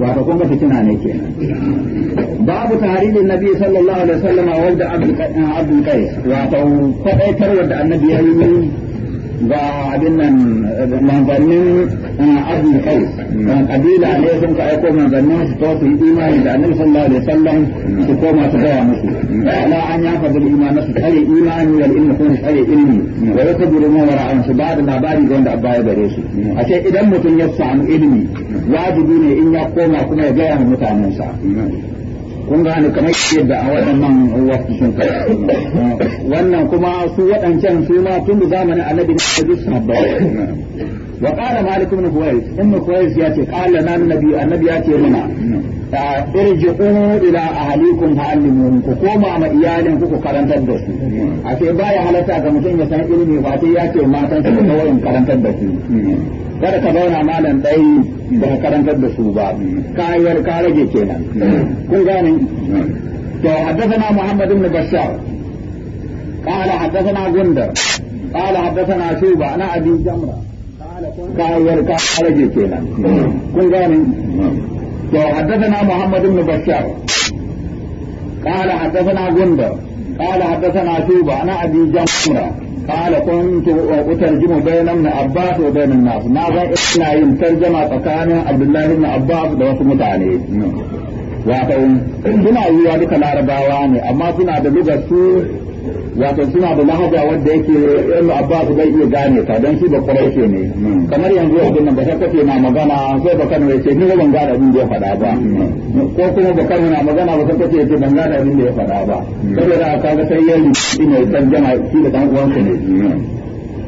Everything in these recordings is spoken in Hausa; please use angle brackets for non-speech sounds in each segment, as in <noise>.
wato kun ga fitina ne kenan babu tarihin nabi sallallahu alaihi wasallam a wanda abdul qais wato kwadaitar wanda annabi yayi yi ga abin nan manzannin uh, abin kai mm. kabila ne sun ka aiko manzannin su to su yi imani da annabi sallallahu alaihi wasallam mm. su koma su gaya musu mm. ala an ya fadil imani su tsare imani wal kuma su ilmi wa ya tabiru ma wara'an su ba da labari ga wanda abba ya gare su a ce idan mutum ya samu ilmi wajibi ne in ya koma kuma ya gaya wa mutanensa kun gane kamar yadda a waɗannan wasu sun kai wannan kuma su waɗancan su ma tun da zamanin annabi ne su wa qala malik ibn huwais ibn huwais ya ce qala na nabi annabi ya ce mana ah, irji'u ila ahlikum fa allimuhum ku koma ma iyalin ku karantar da su a ce baya halatta ga mutum ya san ilimi ba sai ya ce san ku kawai karantar da su kada ka zauna malam dai ba karantar da su ba kayar ka rage kenan kun gane to haddathana muhammad ibn bashar قال حدثنا جندب قال حدثنا شوبة ana أبي جمرة kayar ƙarage kenan kun gane to haddathana muhammad ibn bashar qala na gunda qala haddathana tuba ana abi jamura qala kuntu utarjimu bayna ibn abbas wa bayna nas na ga ina yin tarjuma tsakanin Abdullahi ibn abbas da wasu mutane wato suna yiwa duka larabawa ne amma suna da lugatu su wato suna da lahaja wanda yake ibn abbas bai iya gane ta don shi ba quraishi ne kamar yanzu abin nan ba ta kace na magana sai ba kano yace ni ban gane abin da ya faɗa ba ko kuma ba kano na magana ba ta kace yace ban gane abin da ya faɗa ba saboda aka ga sai yayi ina tarjama shi da dan uwansa ne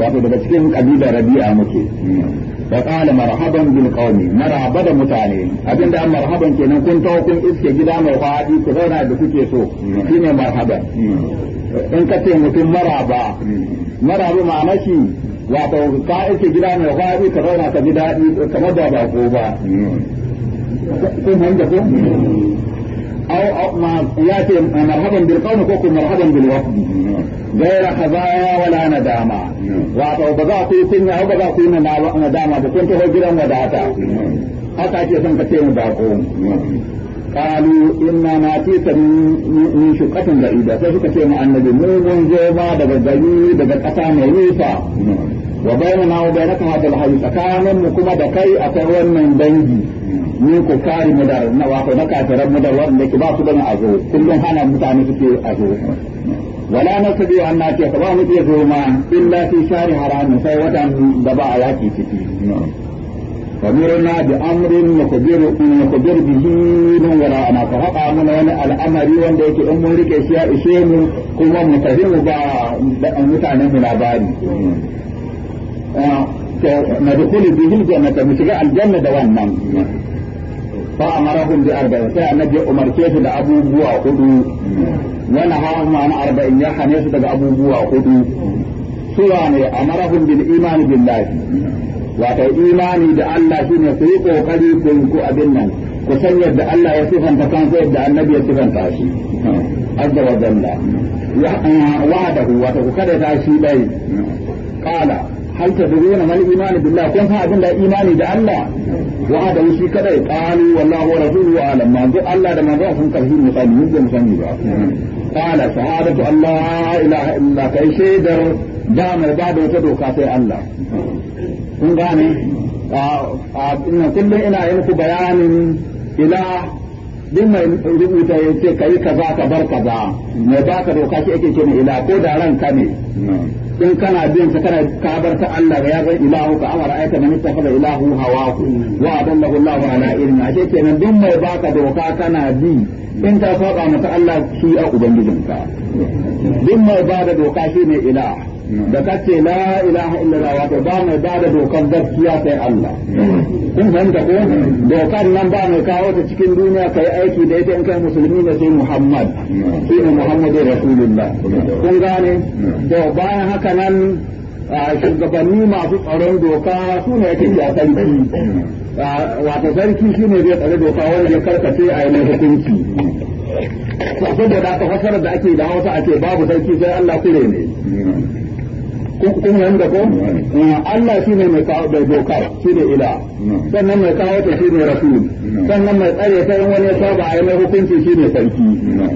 wato daga cikin kabila rabi'a muke fa qala marhaban bil qawmi marhaba da mutane abinda an marhaban kenan kun tawo kun iske gida mai fadi ku zauna da kuke so shine marhaban in ka ce mutum maraba maraba ma'ana shi wato ka iske gida mai fadi ka zauna ka ji daɗi kamar da ba ko ba kun hanga ko أو يأتي مرحبا بالقوم كوكو مرحبا بالوفد غير خزايا ولا ندامة وأعطوا بضاعتي كنا أو بضاعتي ندامة بكنت هجرا ودعتا حتى كيسان كتير باقوم قالوا إنا ناتيك من شقة بعيدة فشكتين عن نجمون زوما دقا دقا دقا قطع مريفا wa bayna na wa bayna kuma dal hayy tsakanin mu kuma da kai akwai wannan dangi ni ku kare mu da na wa ko naka tare mu da wannan ki ba su da azu kullun hana mutane su ke azu wala na sabi wa anna ke ba mu ke goma illa fi shari haram sai wata da ba ya ke ciki famirna bi amrin mukbir in mukbir bi dinin wala ana fa haka mun wani al'amari wanda yake in mun rike shi ya ishe mu kuma mu tafi mu ba mutanen mu labari ندخل به الجنة مشجع الجنة دوان دوانا فأمرهم بأربع نجي أمر كيف لأبو بوا خدو ونهاهم عن أربع يحن يسد أبو بوا خدو سواني أمرهم بالإيمان بالله وفي إيماني دا الله شين يسيق وقلي كنكو أبنا كسيد دا الله يسيفا فكان سيد دا النبي يسيفا تاشي عز وجل وعده وكذا عشي بي قال hal tadruna mal iman billah kun san abin da imani da Allah wa da shi kada ya qalu wallahu wa rasuluhu Allah da manzo sun karhi mu sani mun ba sani ba qala shahadatu Allah ilaha illa kai shaidar da ba da wata doka Allah gane ina kullum ina bayanin ila duk mai rubuta ya ce kai kaza ka bar kaza mai baka doka shi ake ce ila ko da ranka ne in kana biyan ta kana kabar ta Allah ya zai ilahu ka amara ayata man ittakhadha ilahu hawahu wa adallahu Allahu ala ilmi ashe kenan duk mai baka doka kana bi in ta saba mata Allah shi a ubangijinka duk mai bada doka shi ne ilah da kace la ilaha illallah wato ba mai ba da dokar gaskiya sai Allah kun fahimta ko dokar nan ba mai kawo ta cikin duniya kai aiki da ita in kai musulmi ne sai Muhammad shine Muhammadu Rasulullah kun gane to bayan haka nan shugabanni masu tsaron doka su ne yake ya sarki wato sarki shi ne zai tsare doka wanda ya karkace a yanayin hukunci saboda da aka fasara da ake da hausa ake babu sarki sai Allah kure ne kun yanda ko ah, Allah shi ne mai kawo da doka shi ne ila sannan mai kawo ta shi ne rasul sannan mai tsare ta in wani ya saba a yi mai hukunci shi ne sarki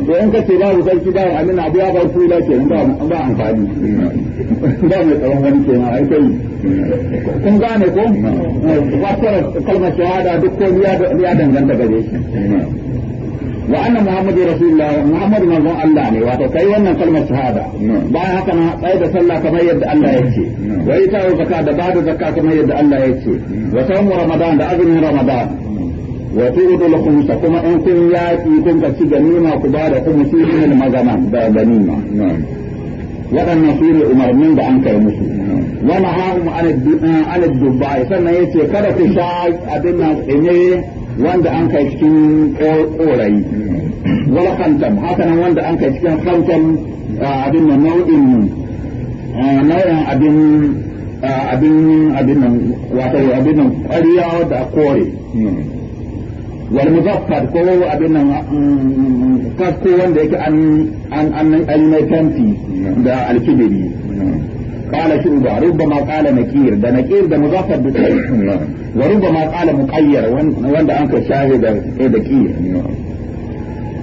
to in kace babu sarki ba amin abu ya bar kula ke ba ba amfani ba mai tsaron wani ke na ai kai kun gane ko ba kalmar shahada duk ko ya danganta gare shi wa anna muhammadu rasulullah muhammadu manzon Allah ne wato kai wannan kalmar shahada ba haka na tsaye da sallah kamar yadda Allah ya ce wa ita zakka da bada zakka kamar yadda Allah ya ce wa sawmu ramadan da azumin ramadan wa turidul khumsa kuma in kun yaki kun ka ci ganima ku ba da khumsi min da ganima waɗannan su ne umarnin da an kai musu wani ha'um ala dubbai sannan ya ce kada ku sha abin nan ne eh, wanda an kai cikin korayi wala kantam haka nan wanda an kai cikin kantam abin nan nau'in nau'in abin abin abin nan wato abin nan ƙwariya da kore wal muzaffar ko abin nan kasko mm, mm, mm, wanda yake an an an mai tanti da alkibiri قال شعبة ربما قال نكير ده نكير ده مضافر بالسيف وربما قال مقير وان ده أنك شاهد إيه دكير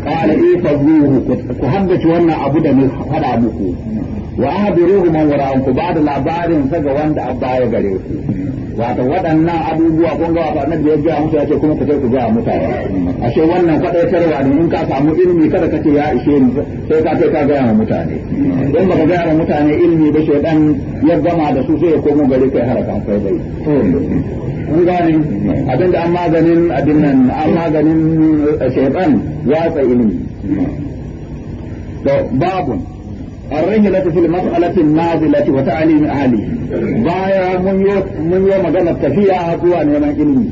قال إيه فضوه كهبت وانا أبدا من خدع بكو wa ahdiruhu man wara'anku ba da labarin sa ga wanda abba ya gare ku wato waɗannan abubuwa kun ga wato annabi ya ga ya ce kuma ku ku ga mutane ashe wannan kwadaitarwa ne in ka samu ilimi kada ka ce ya ishe ni sai ka kai ka ga ma mutane don baka ga wa mutane ilimi ba dan ya gama da su sai ya komo gare kai harakan kai bai kun gane abinda an maganin abin nan an maganin shaytan ya tsaye ilimi to babun الرجلة في المسألة النازلة وتعليم أهلي بايا من يو من يوم مجانا تفيا أقوى نيما إلمي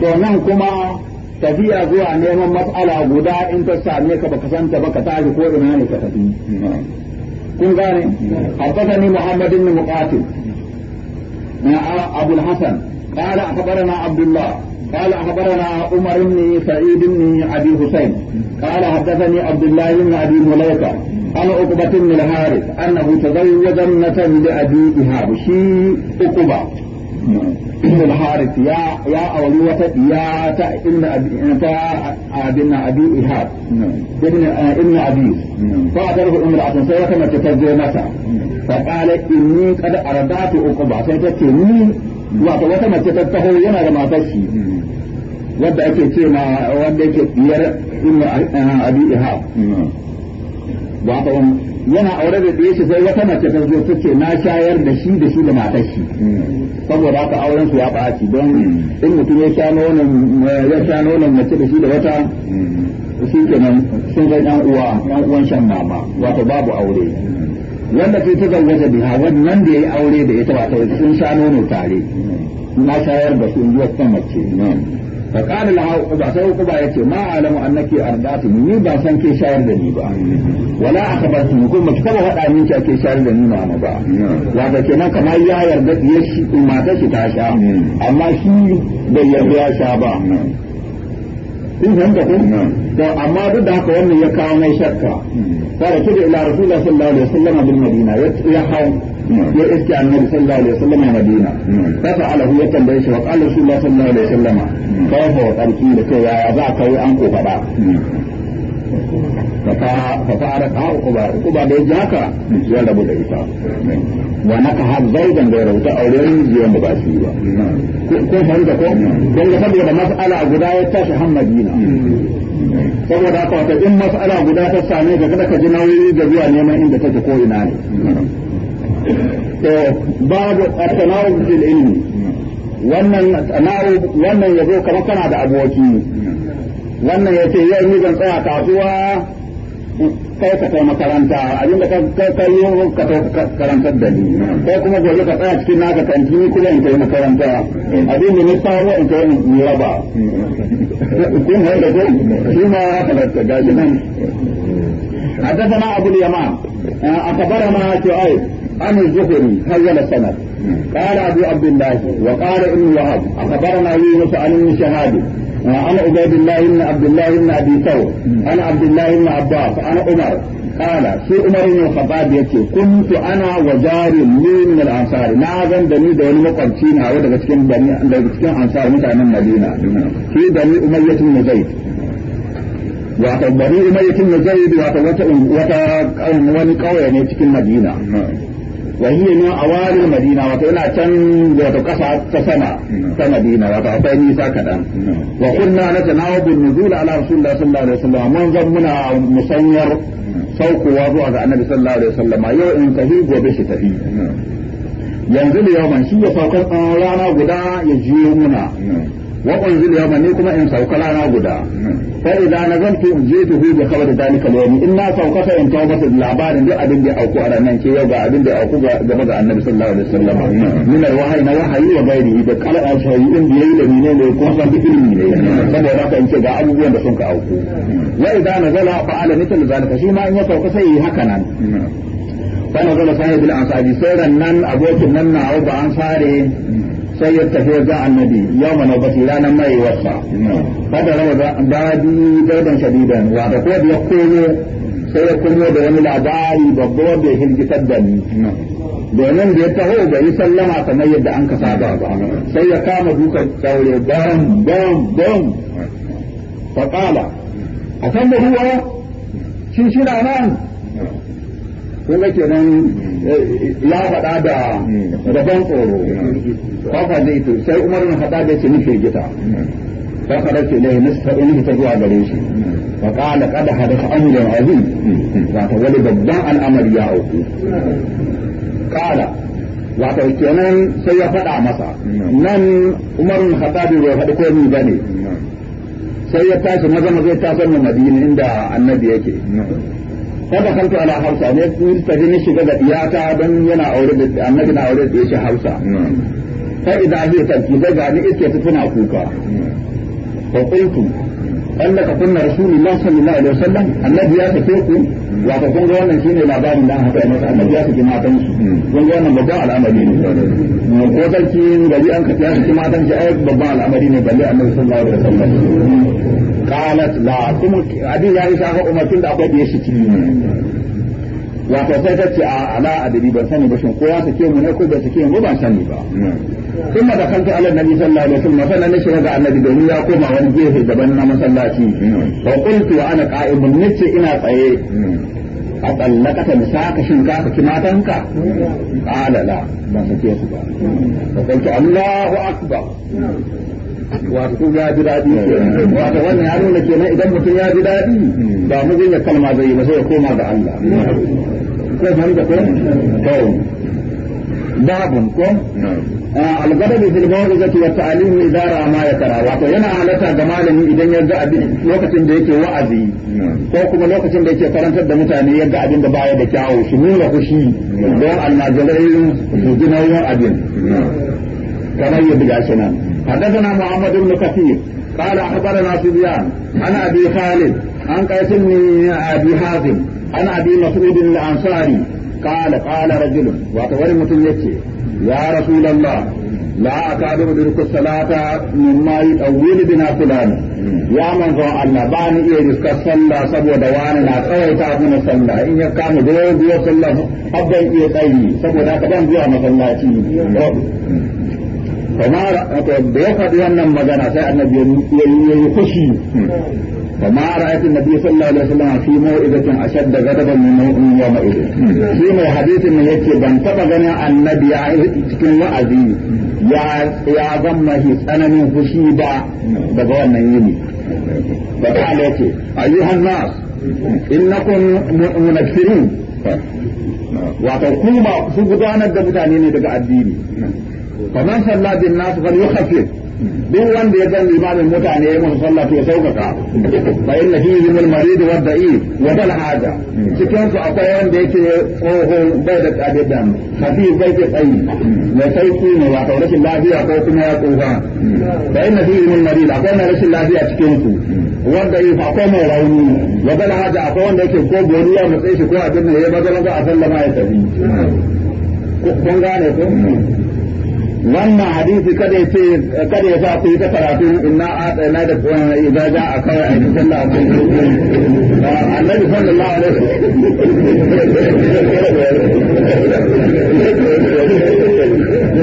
دونان كما تفيا أقوى نيما مسألة غدا إن تساميك بكسانت بكتاج كور ناني كتفي كن غاني حدثني محمد بن مقاتل أبو الحسن قال أخبرنا عبد الله قال أخبرنا عمر بن سعيد بن أبي حسين قال حدثني عبد الله بن أبي مليكة عن عقبة بن الحارث أنه تزوج ابنة لأبي إيهاب شي عقبة بن الحارث يا يا اولي أولوة يا تا ابن أبي انت ابن أبي إيهاب ابن ابن أبي فأعترف امرأة سيرة ما تتزوج فقال إني قد أردت عقبة سيتتني wato wata mace ta taho yana da matar shi wadda ake ce ma wadda yake biyar inna abi iha wato yana aure da ɗaya shi sai wata mace ta zo ta ce na shayar da shi da shi da matar shi saboda haka auren su ya ɓaci don in mutum ya sha nonon ya sha nonon mace da shi da wata shi kenan sun zan yan uwa yan uwan shan mama wato babu aure wanda sai ta zawwaja biha wannan da ya yi aure da ita wato sun sha nono tare na shayar da su in zuwa kan mace fa qala laha uba sai uba yace ma alamu annaki ardatu ni ba san ke shayar da ni ba wala akhbartu ko maki taba faɗa min ke shayar da ni mama ba wato kenan kamar ya yarda ya shi mata shi ta sha amma shi bai yarda ya sha ba kun fahimta ko to amma duk da haka wannan ya kawo mai shakka hmm. fara kida ila rasulullahi sallallahu alaihi wasallam bil madina ya hawo hmm. ya iske annabi sallallahu alaihi wasallam a madina hmm. fa alahu ya tambaye shi wa qala rasulullahi sallallahu alaihi wasallam kawfa wa tarki da cewa ya za ka yi an ko fada فصارت ها عقبة عقبة بيجاكا يلا بدا يسا وانا كهاب زيدا غير وتا اورين جيا مباسيبا كو فهمت كو دل سبب مسألة غدا يتاش هم مدينة saboda haka wata in mas'ala guda ta same ka kada ka ji nauyi da zuwa neman inda take ko ina ne to babu at-tanawub ilmi wannan tanawub wannan yazo kamar kana da aboki wannan ya ce yau yi zan tsaya kasuwa kai ka kai makaranta abin da kai ka yi ka kai karantar da ni kai kuma gobe ka tsaya cikin naka kanti ni kuma in kai makaranta abin da ni sawo in kai in raba kun ne da kun shi ma halatta gashi nan حدثنا ابو اليمان اخبرنا شعيب عن الزهري حول السند قال ابو عبد الله وقال ابن وهب اخبرنا يونس عن ابن شهاب عن عبيد الله بن عبد الله بن ابي ثور عن عبد الله بن عباس عن عمر قال في عمر بن الخطاب يتي كنت انا وجار لي من الانصار ما زن دني da wani makwabci na wanda daga cikin daga cikin ansar mutanen Madina shi bani Umayyah bin Zaid wato bani Umayyah bin Zaid wato wata wata wani kauye ne cikin Madina wa hiya min awalil madina wata yana can wata ƙasa ta sama ta madina wato akwai nisa kadan wa kunna natanawabu nuzul ala rasulillah sallallahu alaihi wasallam mun zan muna musanyar saukowa zuwa ga annabi sallallahu alaihi wasallam yau in tafi gobe shi tafi yanzu da yawan shi ya saukar rana guda ya jiyo muna wa unzil yawma ni kuma in sauka rana guda fa idza nazaltu jituhu bi khabar dalika al-yawm in ma saukata in tawbata labarin duk abin da ya auku a ranan ke yau ga abin da ya auku gaba ga annabi sallallahu alaihi wasallam min al-wahyi na wahayi wa ghairihi da kala ashayi in da yayi da ne ne ko san duk ilimi ne saboda haka in ce ga abubuwan da sun ka auku wa idza nazala fa ala mithal zalika shi ma in ya sauka sai yi haka nan fa nazala sahibul ansari sai ran nan abokin nan na ba an sare sai ya tafi ga annabi yau mana ba ranar mai wasa kada rawa dadi daudan shadidan wa ko da ya komo sai ya komo da wani labari babba wanda ya hirgitar da ni domin da ya taho bai yi sallama kamar yadda an ka saba ba sai ya kama dukan daure bam bam bam faƙala a san da ruwa shi shi nan kun ga kenan eh, ya faɗa da gaban hmm. tsoro kwakwa zai to sai umarin haɗa da ce nufin gita ta kada ce ne nasu faɗo ni ta zuwa gare shi fa qala qad hadatha amrun azim ta wani babban al'amari ya auku qala wato kenan sai ya faɗa masa nan umar na faɗa da ya faɗi komai bane sai ya tashi maza maza ya taso madina inda annabi yake kada kanto ala hausa ne sun tafi ni shiga da iyata don yana aure da annabi na aure da shi hausa fa hmm. idan hi tarki da ga ni iske ta tuna kuka hmm. fa qultu annaka kunna rasulullahi sallallahu alaihi wasallam annabi ya tafi ku wato kun ga wannan shine labarin da haka masa annabi ya saki matan shi hmm. kun ga wannan babban al'amari ne hmm. ko sarki gari an kafa shi saki matan shi ai babban al'amari ne balle annabi sallallahu alaihi wasallam hmm. qalat la kuma abi ya yi ga umar tun da akwai da cikin ne wato sai ta ce a ala adabi ban sani ba shin ko ya sake mu ne ko bai sake mu ban sani ba ثم دخلت على النبي صلى الله عليه وسلم فانا نشر على النبي دون يا كوما وان جيه دبن ما مصلاتي فقلت وانا قائم نتي انا تsaye أطلقت مساك شنكا كما تنكا قال لا ما سكيت فقلت الله اكبر wato ya ji daɗi wato wannan ya nuna kenan idan mutum ya ji daɗi ba mu zai kalma zai yi ba sai ya koma ga Allah ko fahimta ko to babun ko al-gadabi fil mawizati wa ta'lim idza ra'a ma yakara wato yana halatta ga malami idan ya ga abin lokacin da yake wa'azi ko kuma lokacin da yake karantar da mutane ya ga abin da baya da kyawu su nuna fushi don almajirai su ji nauyin abin kamar yadda gashi nan حدثنا محمد بن كثير قال اخبرنا سفيان عن ابي خالد عن قيس بن ابي حازم عن ابي مسعود الانصاري قال قال رجل واتوري متن يتي يا رسول الله لا أكاد أدرك الصلاة مما يطول بنا فلان يا من ذو الله بان إيه رزق الصلاة سبو دواني لا قوي تابنا الصلاة إن يكام دو دو صلاة أبدا إيه تأيي سبو ذاك دان دو أما فما رأى بيقضي أنم مدنا سأنا بيقضي يخشي فما رأيت النبي صلى الله عليه وسلم في موعظة أشد غضبا من يومئذ في حديث من يكي بان تبغنا النبي cikin wa'azi ya fushi ba daga wannan yini da kala yake gudanar da mutane ne daga addini duk wanda ya san limamin mutane ya musu sallah to saukaka fa inna fihi min marid wa da'if wa bal haja cikin su akwai wanda yake tsoho bai da tsadidan hafi bai ke tsayi mai sauki ne ba ta rashin lafiya ko kuma ya tsufa fa inna fihi min marid akwai mai rashin lafiya cikin su wa da'if akwai mai rauni wa bal haja akwai wanda yake ko goriya matsayi shi ko abin da ya maza maza a sallama ya tafi kun gane ko wannan hadisi kada ya ce kada ya sa ku yi ta karatu inna atayna da idza jaa kawai a cikin Allah annabi sallallahu alaihi annabi sallallahu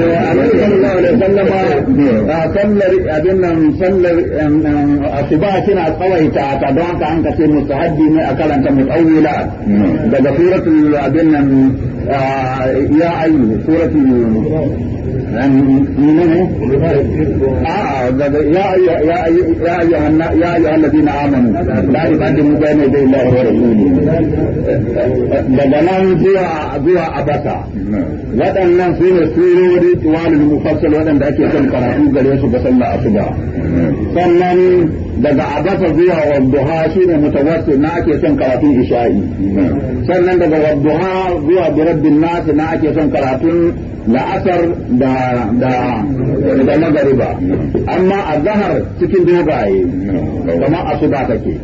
alaihi sallama sallar abin nan sallar asuba kina tsawaita ta don haka an kace mustahabbi ne a karanta mutawila hmm. daga suratul abin nan ya ayyuhu surati yunus يا أيها الذين آمنوا لا تقدموا بين يدي الله ورسوله بدنان zuwa zuwa abasa waɗannan su ne surori tuwalin mufassal waɗanda ake son karatu gare su ga sallah asuba sannan daga abasa zuwa wadduha shine mutawassil na ake son karatu isha'i sannan daga wadduha zuwa rabbin nas na ake son karatun la'asar da da da magariba amma a zahar cikin dogaye kamar asuba take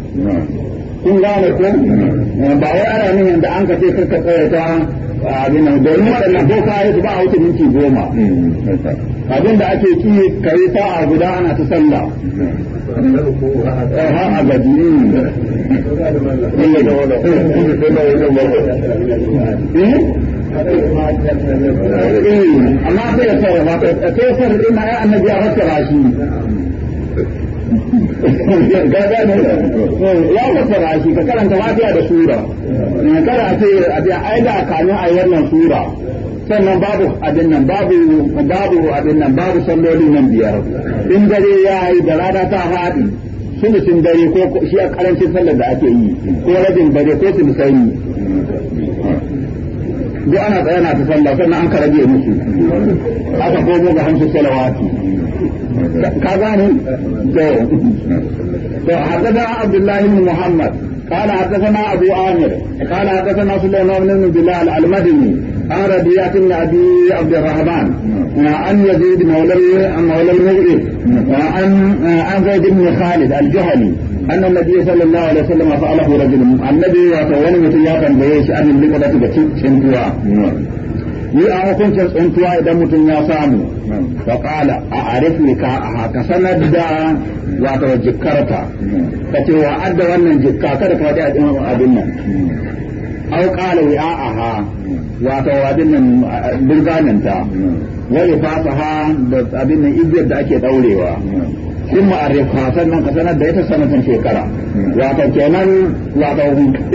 kun gane ko ba wai ana da an ka ce karka tsaya ta abin nan domin waɗannan doka ya ba a wuce minti goma abin da ake ci kare sa'a guda ana ta sallah eh, ha a gaji eh, amma sai ya ta ina ya annabi a ya ka karanta lafiya da sura in eh, kada a ce a ce ai kanu a wannan sura sannan babu abin nan babu babu abin nan babu sallolin nan biyar in dare ya yi da rana ta haɗi sulusin dare ko shi a karancin sallar da ake yi ko rabin dare ko sulusani duk ana tsaye na ta sallah sannan an karage musu aka komo ga hamsu salawati ka gane to to hadda Abdullahi bin Muhammad قال حدثنا أبو عامر قال حدثنا سليمان بن بلال المدني قال ربيعة بن أبي عبد الرحمن عن يزيد مولى مولى المغرب عن عن زيد بن خالد الجهلي أن النبي صلى الله عليه وسلم فعله رجل النبي يتولى مثل يا تنبيه أن اللقطة تشنتها ni a hukuncin tsuntuwa idan mutum ya samu fa kala a arifi ka a ka sanar da wata jikkarta ka ce wa adda wannan jikka kada ka wadi abin nan kala qala a ha wata abin nan burganin ta wani fasaha da abin nan igiyar da ake daurewa in ma'arifa sannan ka sanar da ita sanatan shekara wato kenan wato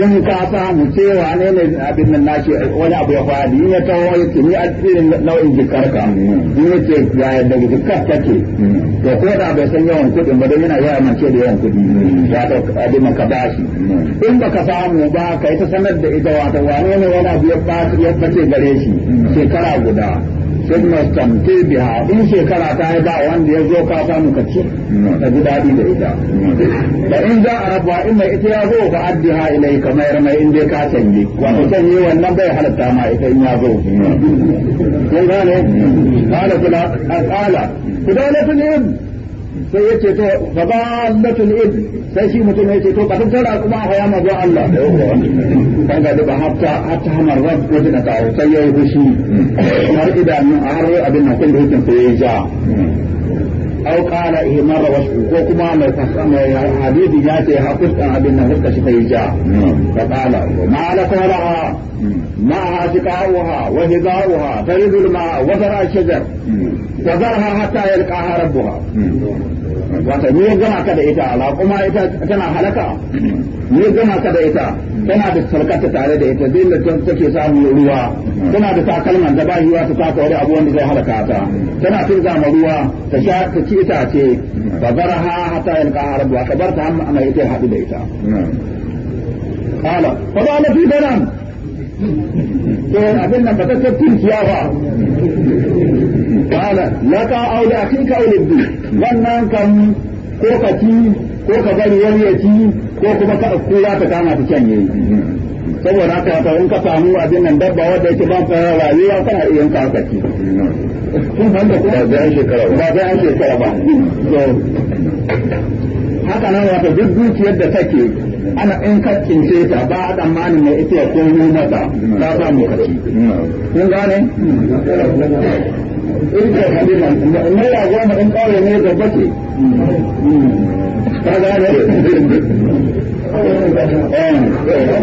in ka samu cewa ne ne abin nan nashi wani abu ya fadi in ya taho ya ce ni a irin nau'in jikar in ya ce ga yadda jikar take to ko da bai san yawan kuɗin ba don yana yawan mance da yawan kuɗi wato abin ka bashi in baka samu ba ka yi ta sanar da ita wato wane ne wani abu ya fadi ya fate gare shi shekara guda sun mastamte biya in shekara ta yi ba wanda ya zo ka samu ka ci ka ji daɗi da ita da in za a rabuwa in mai ita ya zo ka addiha ilai ka mayar mai in dai ka canje wato canje wannan bai halatta ma ita in ya zo kun gane kala kula a kala kudalatul ibn sai yace to fa dalatul sai shi mutum yace to ka tara kuma a haya mazo Allah kan ga da hatta hatta hamar rab wajen da kawo sai yayi fushi har idanun har abin nan kun da yake sai ya ja أو قال إيه مرة وشكو كوكما ما abin nan جاتي shi أبن ja شفايجا فقال ma la ورعا معها سقاؤها وهزاؤها ترد الماء وزرع الشجر وزرها حتى يلقاها ربها wata ni ya gama ka da ita kuma ita tana halaka ni ya gama ka da ita tana da sarkata tare da ita dole ta take samun ruwa tana da takalman da ba yiwa ta taka wani abu wanda zai halaka ta tana tun zama ruwa ta sha ta ci itace ba zaraha hatta yalqa rabbuha ka bar ta amma ita haɗu da ita qala fa qala fi to abin nan ba ta tafkin ciyawa kala laka auda ka ulubbi wannan kan ko ci ko ka bari wani ya ko kuma ka kula ta kama ta canye saboda haka ta in ka samu abin nan dabba yake ban fara rayuwa kana iya yanka ka ci kun ban da kuma ba an shekara ba ba ana in ka kince ta ba a tsammanin mai ita ya koyo mata ta samu kaci kun gane in ka hadi man mai ya goma in kawai ne gaba ce ta gane <laughs> eh, eh.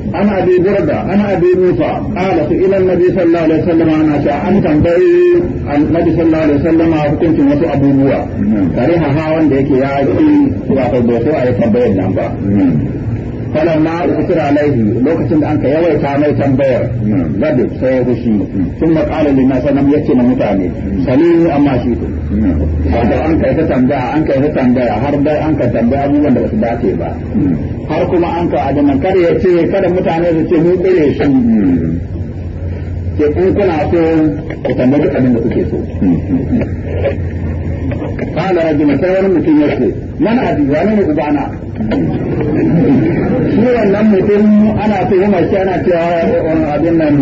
عن ابي بردة عن ابي موسى قالت الى النبي صلى الله عليه وسلم انا شاء ان تنبئي النبي صلى الله عليه وسلم حكمت موسى abubuwa موسى ha هاون ديكي يا yi wato bai so a yi فلما ذكر عليه لو كنت أنك يوي كامي تنبير غضب سيغشي ثم قال للناس أنا يتي متعني سليم أما شئت wato an kai ta tambaya an ta tambaya har dai an ka tambaya abubuwan da ba su dace ba har kuma an ka adaman kada ya ce kada mutane su ce mu tsire shi ke in kuna so ku tambayi abin da kuke so قال رجل سير mutum yake man abi wani ne ubana shi wannan mutum ana tuhuma shi ana cewa abin nan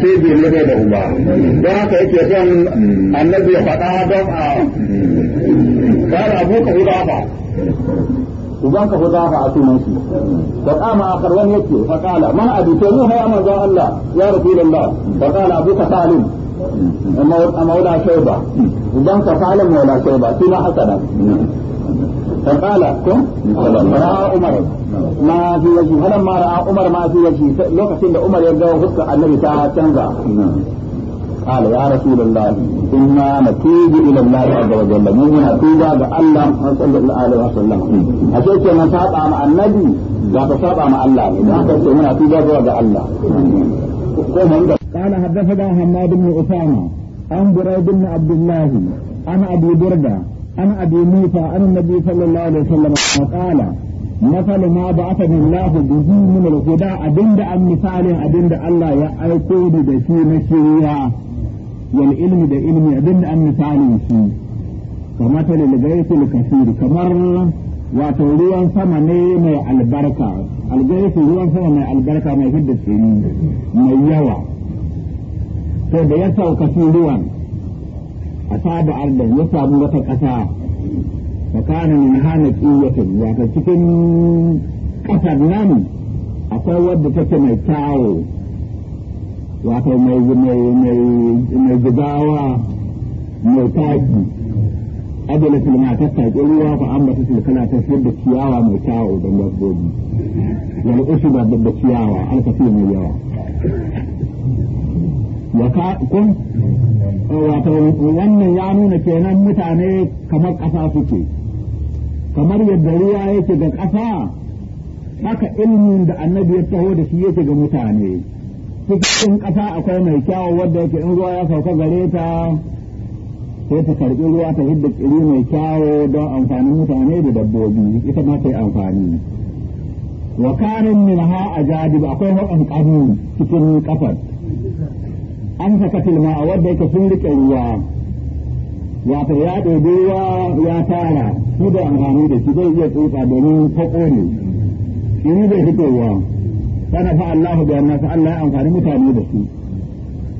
sai bai rabe da uba don haka yake son annabi ya faɗa don a kare abu ka hudafa uban ka a sunan shi kama akar wani yake fa kala man to a maula kai ba idan umar ma da umar ya ga ta canza قال قال حدثنا حماد بن أسامة عن بريد بن عبد الله عن أبي بردة عن أبي موسى عن النبي صلى الله عليه وسلم قال مثل ما بعثني الله به من الهدى أبند أن مثال أبند الله يأيقود بشي نشريا والعلم ده علم أبند أن مثال شي كمثل الغيث الكثير كمر wato ruwan sama ne mai albarka algaisu ruwan sama mai albarka mai hidda mai yawa sai da ya sauka ruwan a da ardan ya samu wata ƙasa da kana min hana tsiyatin wata cikin ƙasar nan akwai wadda take mai kyawo wato mai mai zubawa mai taki adala tilma ta taƙi ruwa ba an bata tilkala ta sayar da ciyawa mai kyawo don dabbobi ƙushi ba da ciyawa alkafi mai yawa wa kun eh, wato wannan ya nuna kenan mutane kamar ƙasa suke kamar yadda ruwa yake ga ƙasa haka ilimin da annabi ya taho da shi yake ga mutane cikin ƙasa akwai mai kyawu wadda yake in ruwa ya sauka gare ta sai ta karɓi ruwa ta hidda ƙiri mai kyawu don amfanin mutane da dabbobi ita ma ta yi amfani wa karin min ha a ba akwai hakan ƙahu cikin ƙasar. an saka tilma a wadda yake sun rike ruwa wato ya ɗebi ruwa ya fara. su da amfani da shi zai iya tsotsa domin ta ne shi zai fitowa sana fa Allahu bi annas Allah ya amfani mutane da su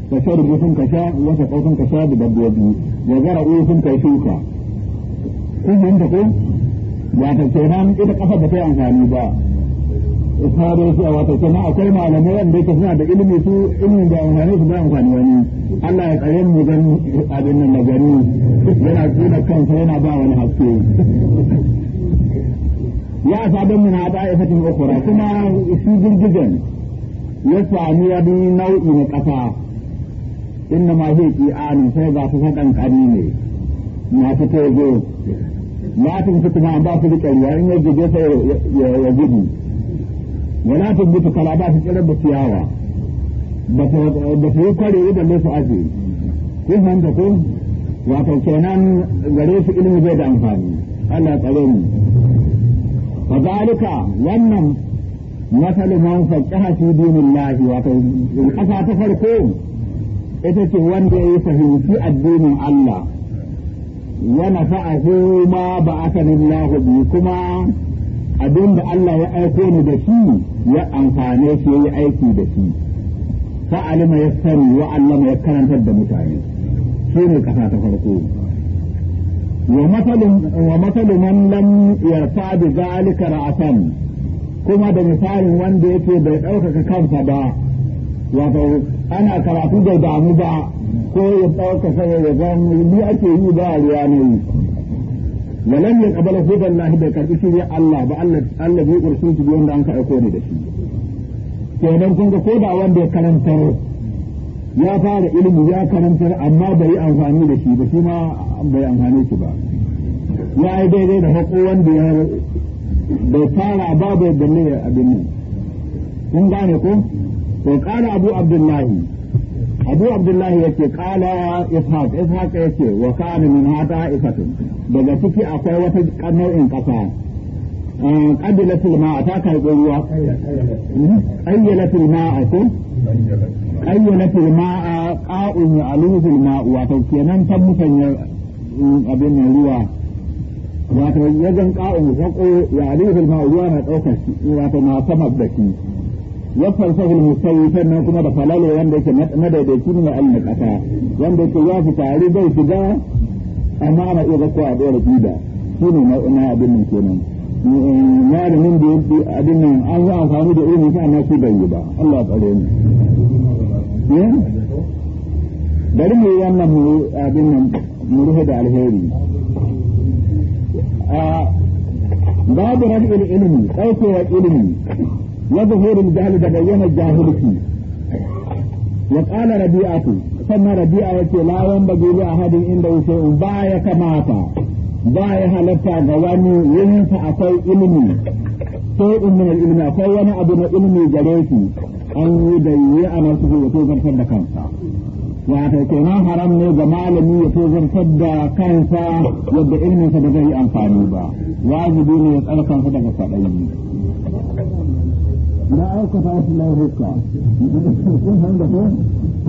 ka sha sun ka sha wasu ƙaukun ka sha da dabbobi wa zara'u sun kai shuka kun ta ko wato kenan ita kafa ba ta yi amfani ba isaro su a wato kuma akwai malamai wanda yake suna da ilimi su ilimin da amfani su wani Allah ya tsare mu gani abin nan na gani yana tsuna kansa yana ba wani haske ya sabon mun hada ya fatin ukura kuma shi girgijen ya sami wani nau'i na ƙasa inna ma zai ki anin sai ba su fadan ne masu fito zo na tun kuma ba su da kariya in ya sai ya gudu wala ta mutu kala ba su tsirar da ciyawa ba su yi kware da su aji. kun hanta kun wato kenan gare su ilimi zai da amfani Allah tsare mu kazalika wannan masalu man faqaha fi dinillahi wato kasa ta farko ita ce wanda ya yi fahimci addinin Allah wa nafa'ahu ma ba'athani Allah bi kuma abin da Allah ya aiko ni da shi ya amfane shi ya aiki da shi fa'alima ya sani wa allama ya karantar da mutane shi ne kasa ta farko wa matsalu man lam yarfa bi zalika ra'asan kuma da misalin wanda yake bai ɗaukaka kansa ba wato ana karatu da damu ba ko ya ɗaukaka ya zan ni ake yi ba ruwa ne wannan ne qabala hudan lahi bai karbi shi ne Allah ba Allah Allah bai kursu ji wanda an ka aiko ne da shi Sai kun ga ko da wanda ya karantar ya fara ilimi ya karantar amma bai amfani da shi ba shi ma bai amfani shi ba ya yi daidai da hako wanda ya bai fara babu bai ne a nan kun gane ko to kana abu abdullahi abu abdullahi yake kala ishaq ishaq ce wa kana min hata ifatun daga ciki akwai wata nau'in kasa qabilatul a ta karbi ruwa ayyalatul a ko ayyalatul ma'a qa'un ya'luzul ma'a wato kenan ta musanya abin nan ruwa wato ya qa'un sako ya'luzul ma'a ruwa na daukar shi wato na sama da shi yafarsahu al-husayn sannan kuma da falalo wanda yake madaidaici ne al-naqata wanda yake ya fi tare bai shiga amma ana iya zakko a dole kida ne na abin nan kenan malamin eh, da yake abin nan an yi amfani da ilimi sa na su bai ba Allah tsare ni eh? bari mu yi wannan mu abin nan mu rufe da alheri ah, babu raf'il ilimi ɗaukewar ilimi يظهر الجهل تبين الجاهل فيه وقال ربيعه ثم ربيعه لا ينبغي لاحد عنده شيء باي كما اتى باي هلتا غواني وينت اقوي علمي شيء من العلم اقوي انا ابو علمي جريتي an yi da yi a nan suke yato zartar da kansa ya kai kenan haram ne ga malami yato zartar da kansa yadda ilminsa ba zai yi amfani ba wajibi ne ya tsarkansa daga kwaɗayi لا أوقف أصل وفقا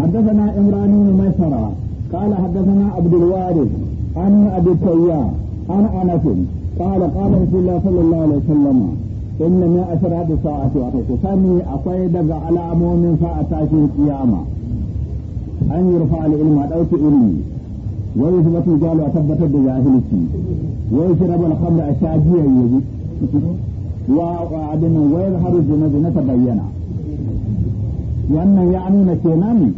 حدثنا إمران بن ميسرة قال حدثنا عبد الوارث عن أبي التيار عن أنس قال قال رسول الله صلى الله عليه وسلم إن من أشرة الساعة أخوك سمي أصيد على أموم ساعة تاشي القيامة أن يرفع العلم أو إلي ويثبت الجهل وثبت الجاهل ويشرب الخمر أشاجيا يجي wa abin wayar har zina zina ta bayyana wannan ya nuna kenan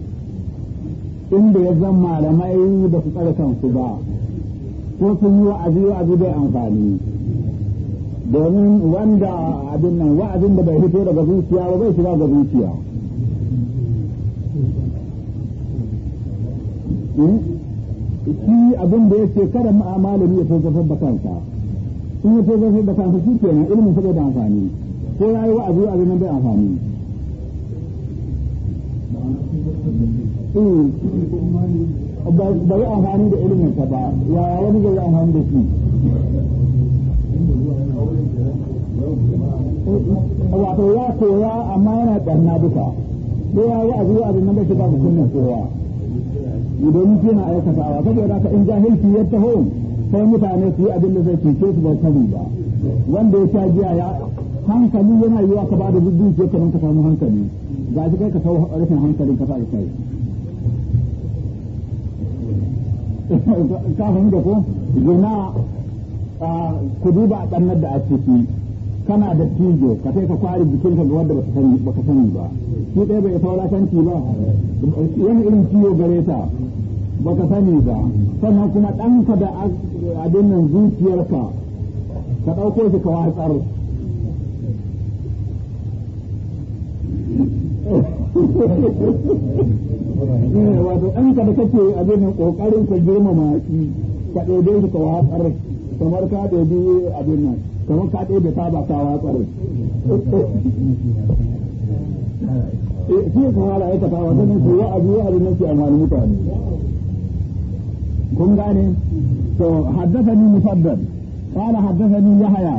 inda ya zan malamai da su tsare kansu ba ko sun yi wa'azi wa'azi bai amfani domin wanda abin nan wa'azin da bai fito daga zuciya ba zai shiga ga zuciya hmm? shi abin da ce kada malami ya tozafar da kansa in ya zafi da kansa shi kenan ilimin saboda amfani ko ya yi wa'azi a zaman bai amfani eh, ba yi amfani da ilimin ka ba ya wani zai yi amfani da shi wato ya koya amma yana ɗarna duka ko ya yi abu a nan da shi ba su sunan kowa domin shi na aikatawa saboda ka in jahilci ya taho sai mutane su yi abin da zai cece su bai sani ba wanda ya sha jiya ya hankali yana yiwa ka ba da zubi ce kamar ka samu hankali ga shi kai ka sau rashin hankali ka sa kai ka fahimta ko zina ku a ɗannar da a ciki kana da tijo ka sai ka kware ka ga wanda baka sani ba shi ɗaya bai saura kanti ba wani irin ciwo gare ta ba ka sani ba sannan kuma ɗanka da abin nan zuciyarka ka ɗauko shi ka watsar <laughs> wato ɗanka da kake abin nan ƙoƙarin ka girmama shi ka ɗebe shi ka watsar kamar ka ɗebi abin nan kamar ka ɗebe ta ba ka watsar eh, shi ka fara aikata wa sanin su wa'azi wa'azi nake amfani mutane kun gane to haddathani musaddad qala haddathani yahya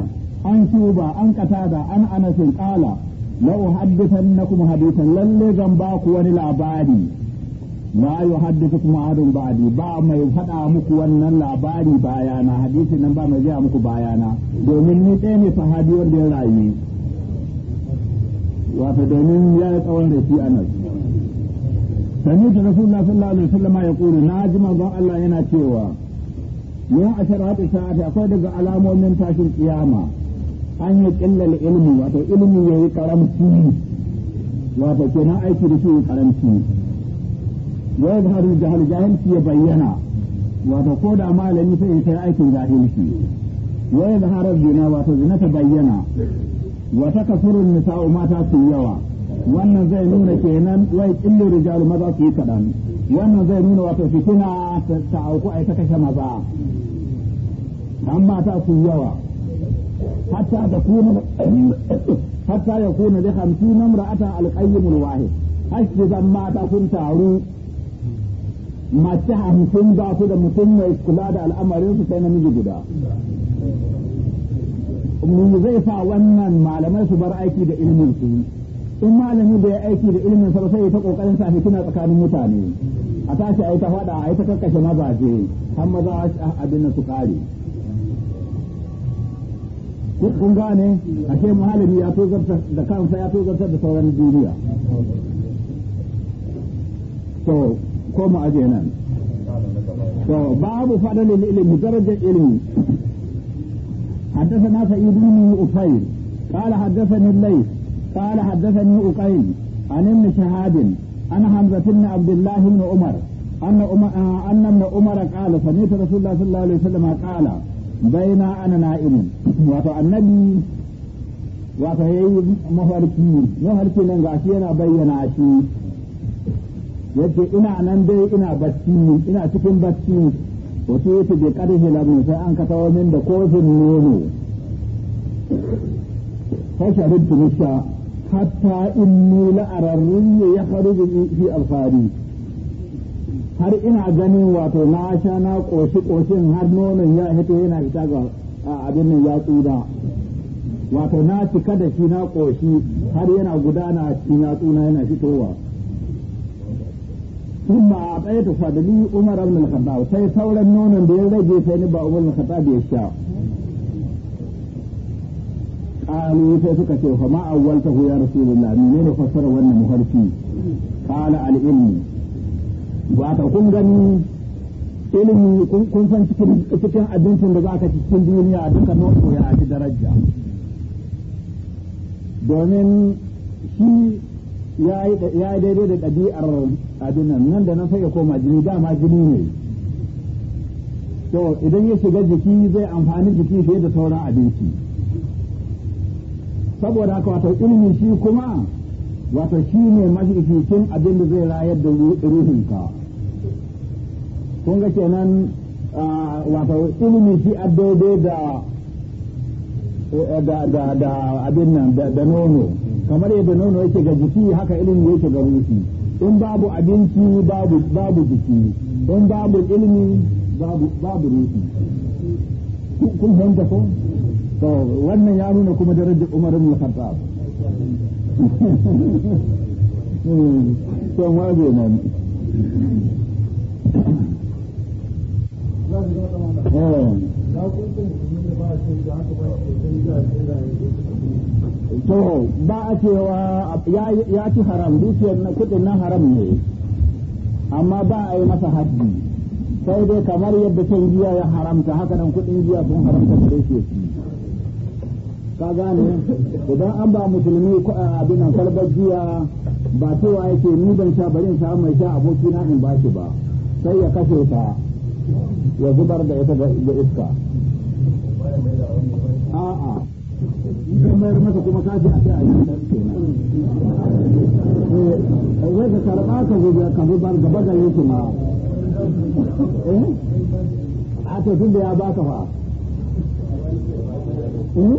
an shuba an da an anas qala la uhaddithannakum hadithan lalle zan ba ku wani labari la kuma adun ba'di ba mai haɗa muku wannan labari bayana hadisi nan ba mai gaya muku bayana domin ni ɗaya ne sahabi wanda ya rayu wato domin ya tsawon da shi سمعت رسول الله صلى الله عليه وسلم يقول ناجم الله هنا تيوا يوم أشرات الساعة أصدق على مؤمن تاش القيامة أن يقل العلم وأتو علم يهي كرمتي وأتو كنا أيكي رسول كرمتي ويظهر الجهل جاهل في بينا وأتو قود أمال نفسه يسير أيكي جاهل في ويظهر الزنا وأتو زنا تبينا وتكفر النساء ما تاسي يوا wannan zai nuna kenan wai illu rijal maza su yi kaɗan wannan zai nuna wato fitina ta auku ai ta kashe maza an mata su yawa hatta da kuna hatta ya kuna da hamsin namra'atan wahid haske zan mata kun taru mace hamsin ba da mutum mai kula da al'amarinsu sai namiji guda mu zai sa wannan malamai su bar aiki da ilmin su in malami da ya aiki da ilimin sa sai ya ta kokarin sa fitina tsakanin mutane a tashi a yi ta fada a yi ta karkashe mazaje har maza abin su kare kun gane a ce malami ya tozarta da kansa ya tozarta da sauran duniya to ko mu aje nan to babu fadalin ilimi darajar ilimi حدثنا سعيد بن أفير قال حدثني الليث قال حدثني أقيم عن ابن شهاب عن حمزة بن عبد الله بن عمر أن أن ابن عمر قال سمعت رسول الله صلى الله عليه وسلم قال بين أنا نائم وأتى النبي wato ya yi mafarki mafarki nan ga yana bayyana shi yadda ina nan dai ina bacci ina cikin bacci wato yake bai karfe labin sai an kasa min da kofin nono ta sharin tunisha hatta inni la'ararri ya faru fi alfari har ina ganin wato na sha na ƙoshi ƙoshin har nonon ya hito yana fita ga abin nan ya tsuda wato na cika da shi na ƙoshi har yana gudana a cikin tsuna yana fitowa ثم أعطيت فضلي عمر بن الخطاب سي ثورا نونا بيرجي سيني بأمر ya sha. قالوا فسك شيخ ما أولته يا رسول الله ne فسر وانا wannan قال العلم وأتكم ba ta kun san cikin cikin abincin da za ka ci cikin duniya a duka nono ya ci daraja domin shi ya yi daidai da ɗabi'ar abin nan nan da nan sai ya koma jini dama jini ne to idan ya shiga jiki zai amfani jiki fiye da sauran abinci saboda haka wato ilimi shi kuma wato shi ne mafificin abin da zai rayar da ruhinka kun ga kenan wato ilimi shi addobe da da da da abin nan da nono kamar yadda nono yake ga jiki haka ilimi yake ga ruhi in babu abinci babu babu jiki in babu ilimi babu babu ruhi kun fahimta ko to wannan ya nuna kuma darajar Umar ibn Khattab to ma zo nan to ba a cewa ya ci haram dukiyar na kudin na haram ne amma ba a yi masa haddi sai dai kamar yadda can giya ya haramta haka nan kudin giya sun haramta da shi ka gane idan an ba musulmi abin nan kalbar jiya ba cewa yake ni ban sha bari in sha mai sha aboki na in bashi ba sai ya kashe ta ya zubar da ita da iska a'a idan mayar masa kuma ka a sai a yi kenan eh, wai ka karɓa ka zubar ka zubar gaba da yake ma eh a tafin da ya baka fa eh?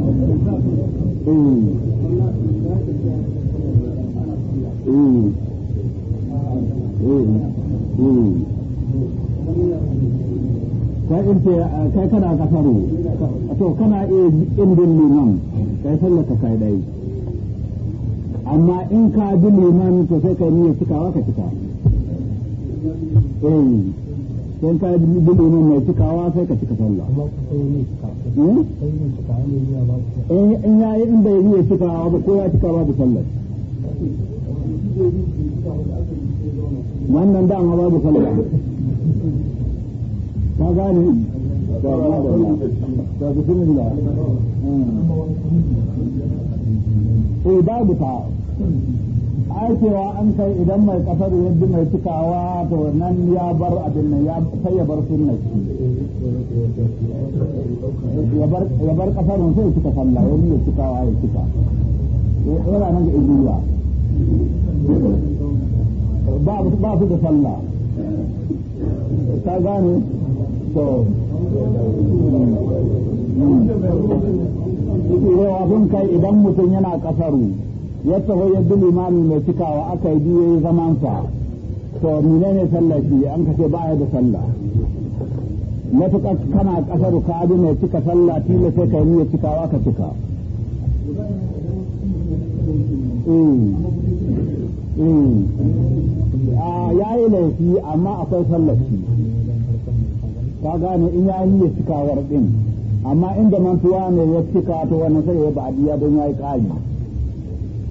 kai in ce kai kana kasaru to kana iya indin liman kai ka kai dai amma in ka bi liman to sai kai niyyar cikawa ka cika eh sai ka yi gudu ne mai cikawa sai ka cika sallah hmm? eh, in ya yi inda bai iya cikawa ba ko ya cika babu sallah wannan dama babu sallah ka gani ta bismillah hmm. eh babu ta ai cewa an kai idan mai kasar yadda mai cikawa to nan ya bar abin nan ya sai ya bar sunna ya bar ya bar kasar sai cika sallah yadda mai cikawa ya cika yana nan ga izuwa ba ba su da sallah ka gane to hmm. yawa sun kai idan mutum yana kasaru ya taho ya bi limami mai cikawa aka yi biyu ya zaman sa to menene sallah shi an kace ba ya da sallah matuƙar kana ƙasar ka abi mai cika sallah tilo sai ka yi cikawa ka cika eh. Eh. Ah, ya yi laifi amma akwai sallah ka gane in ya yi cikawar din amma inda mantuwa ne ya cika to wannan sai ya ba'diya don ya yi ƙari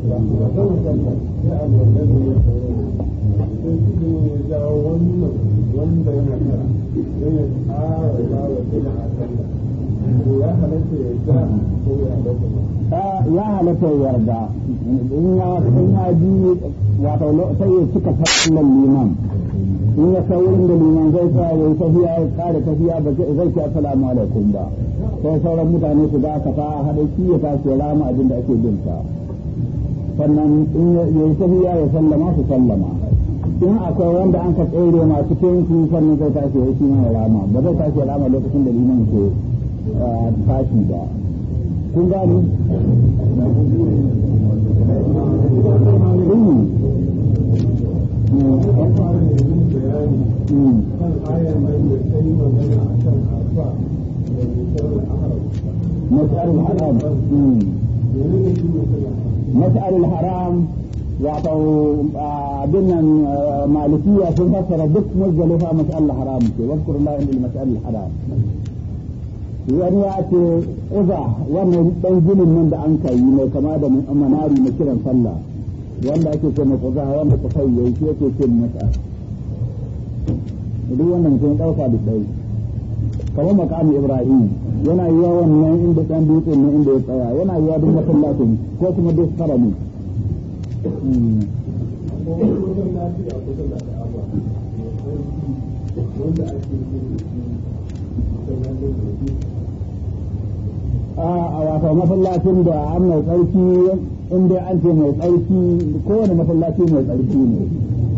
ya halatta yarda in ya san ya ji wato sai ya cika fasilan liman in ya kai wurin da liman zai tsaya ya tafiya ya kare tafiya ba zai ce assalamu alaikum ba sai sauran mutane su za ka fa hada shi ya tashi ya rama abin da ake bin sa sannan in ya yi tafiya ya sallama su sallama in akwai wanda an ka tsere ma cikin su sannan zai tashi ya shi ma rama ba zai tashi rama lokacin da liman ke tashi ba kun gani Mm. Mm. Hmm. Hmm. mas'al al-haram wato abin nan malikiya sun fassara duk muzdalifa mas'al al-haram ce wasu al-haram wani ya ce uza wannan dan ginin nan da ankayi kayi mai kama da manari na kiran sallah wanda ake ce mai uza wanda ce kamar makamu ibrahim yana yi wa wannan inda ɗan dutse nan inda ya tsaya yana yi wa duk masallacin ko kuma duk farami a wato masallacin da an mai tsarki inda an ce mai tsarki kowane masallaci mai tsarki ne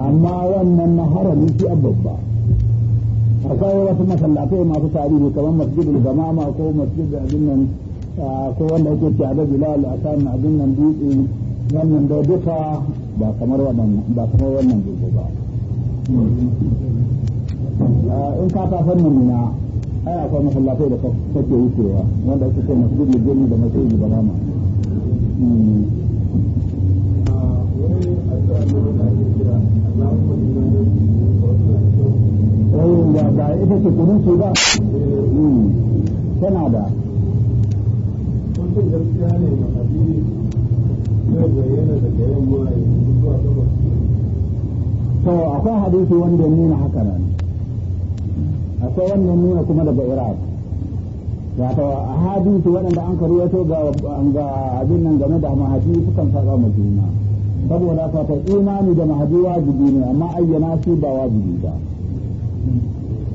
amma wannan na harami shi babba akwai wasu masallatai masu tarihi kamar masjidul gamama ko masjidul abin nan ko wanda yake ce a da bilal a kan abin nan dutse wannan da duka ba kamar wannan ba kamar wannan dutse ba in ka ta fannin mina ai akwai masallatai da kake wucewa wanda ake ce masjidul jami da masjidul gamama hmm. wani addu'a da ake ba ita ce ce ba eh, tana da to akwai hadisi wanda nuna haka nan akwai wannan nuna kuma daga iraq wato a hadisi waɗanda an to ga abin nan game da mahadi sukan saba mu juna saboda ka imani da mahaji wajibi ne amma ayyana su ba wajibi ba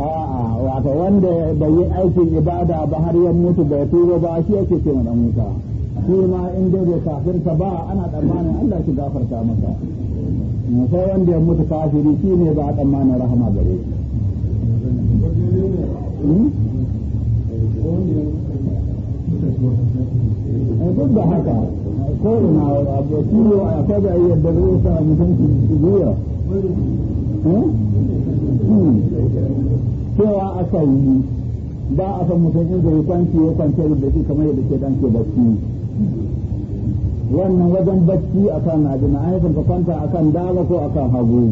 a'a wato wanda bai yi aikin ibada ba har ya mutu bai tuba ba shi yake ce mana musa shi ma in dai bai kafirta ba ana tsammanin Allah shi gafarta masa musa wanda ya mutu kafiri shi ne ba a tsammanin rahama gare shi a kada yadda sa mutum cewa yi ba a san mutum inda ya kwanci ya kwanci da shi kamar yadda ke dan ke bacci wannan wajen bacci akan najina an yi ka kwanta kan dama ko a kan hagu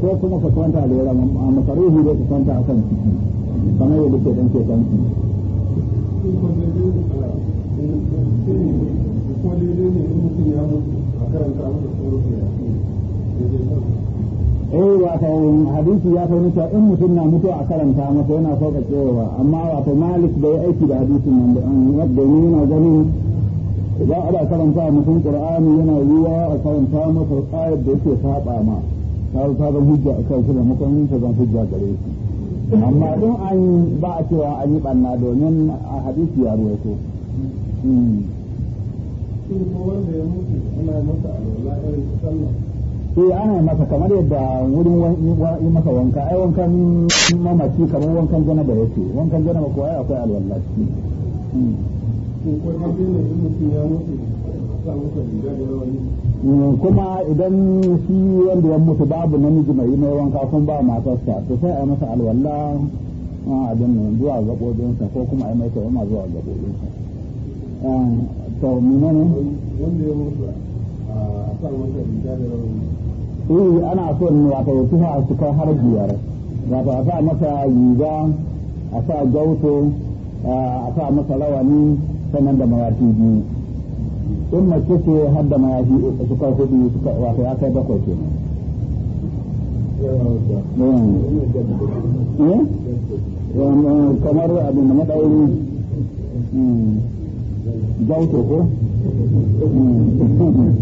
ko kuma ka kwanta da yawan a makaruhu da ka kwanta kan ciki kamar yadda ke dan ke kwanci ko daidai ne ya mutu a karanta da eh wato hadisi ya fahimci cewa in mutum na mutu a karanta masa yana sauƙaƙewa amma wato malik da ya aiki da hadisin nan domin yana ganin za a da karanta mutum qur'ani yana yiwa a karanta masa ayar da yake saba ma ta ta zan hujja a kansu da mukan ta zan hujja gare shi amma don an ba a cewa an yi ɓanna domin a hadisi ya ruwaito hmm. shin ko wanda ya mutu ana masa alwala irin sallah e ana masa kamar yadda wurin yi masa wanka ai wankan mamaci kamar wankan janaba yake wankan janaba ko ai akwai alwala shi hmm. hmm, kuma idan shi wanda ya mutu babu namiji mai mai wanka kun ba matarsa to sai a masa alwala a abin nan zuwa gaɓoɓinsa ko kuma a mai zuwa gaɓoɓinsa ah, to menene wanda ya mutu a sa riga da rauni eh ana son wato tufa su kai har biyar wato a sa masa riga a sa gauto a sa masa rawani sannan da mawaki biyu in mace ce har da mawaki su kai hudu wato ya kai bakwai kenan eh? Eh? kamar abin da maɗauri hmm. gauto ko hmm. <laughs>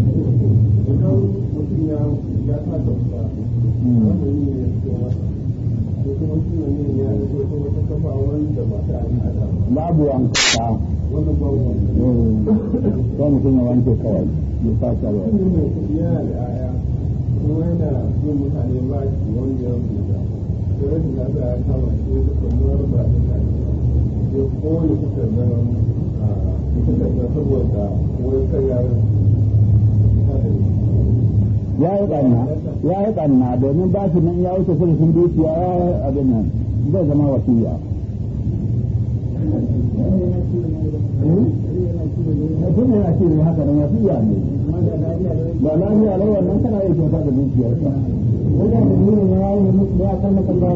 babu wanka ko mutum ya wanke kawai ya sa kawai kuma yana yin mutane ba shi Wani ya da rashin lafiya ya kama shi suka murar ba da shi saboda wani kan yaran ya yi ɓanna ya yi ɓanna domin ba shi nan ya wuce sun dukiya ya abin nan zai zama wasiya mutum yana ce ne haka wasiya ne ba kana yin kyauta da dukiyarsa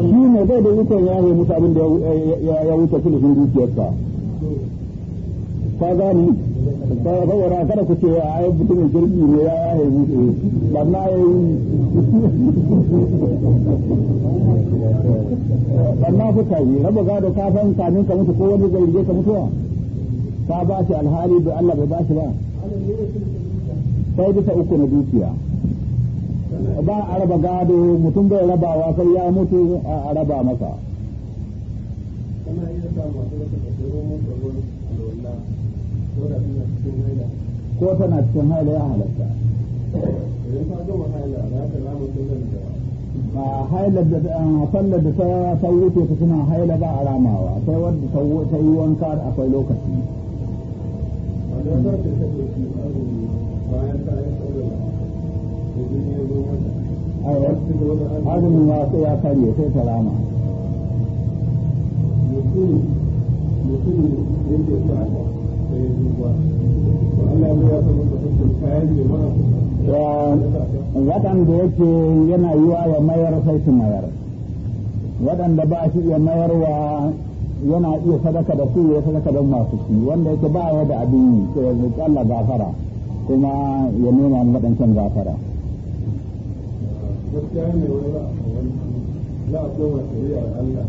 shi ne zai da wuce ya yi musu abin da ya wuce dukiyarsa ka gani saboda kada ku ce a yi mutumin jirgi ne ya yaye mutu ba na yi ba na fuka yi rabu gado ka san kamin ka mutu ko wani zai je ka mutuwa ka ba shi alhali da Allah bai ba shi ba sai bisa uku na dukiya ba a raba gado mutum bai rabawa sai ya mutu a raba masa. Kana iya sa masu rasa da ruwan ko tana cikin haila ya halatta ba haila da ah, sallar da ta sauwuce ta suna haila ba a ramawa sai wadda ta yi wanka akwai lokaci azumin ya sai ya karye sai ta rama mutum mutum yake waɗanda yake yana yiwa ya mayar sai mayar waɗanda ba shi iya mayarwa yana iya sadaka da su ya sadaka don masu shi wanda yake ba ya da abin yi ya Allah gafara kuma ya nuna waɗancan gafara a koma shari'ar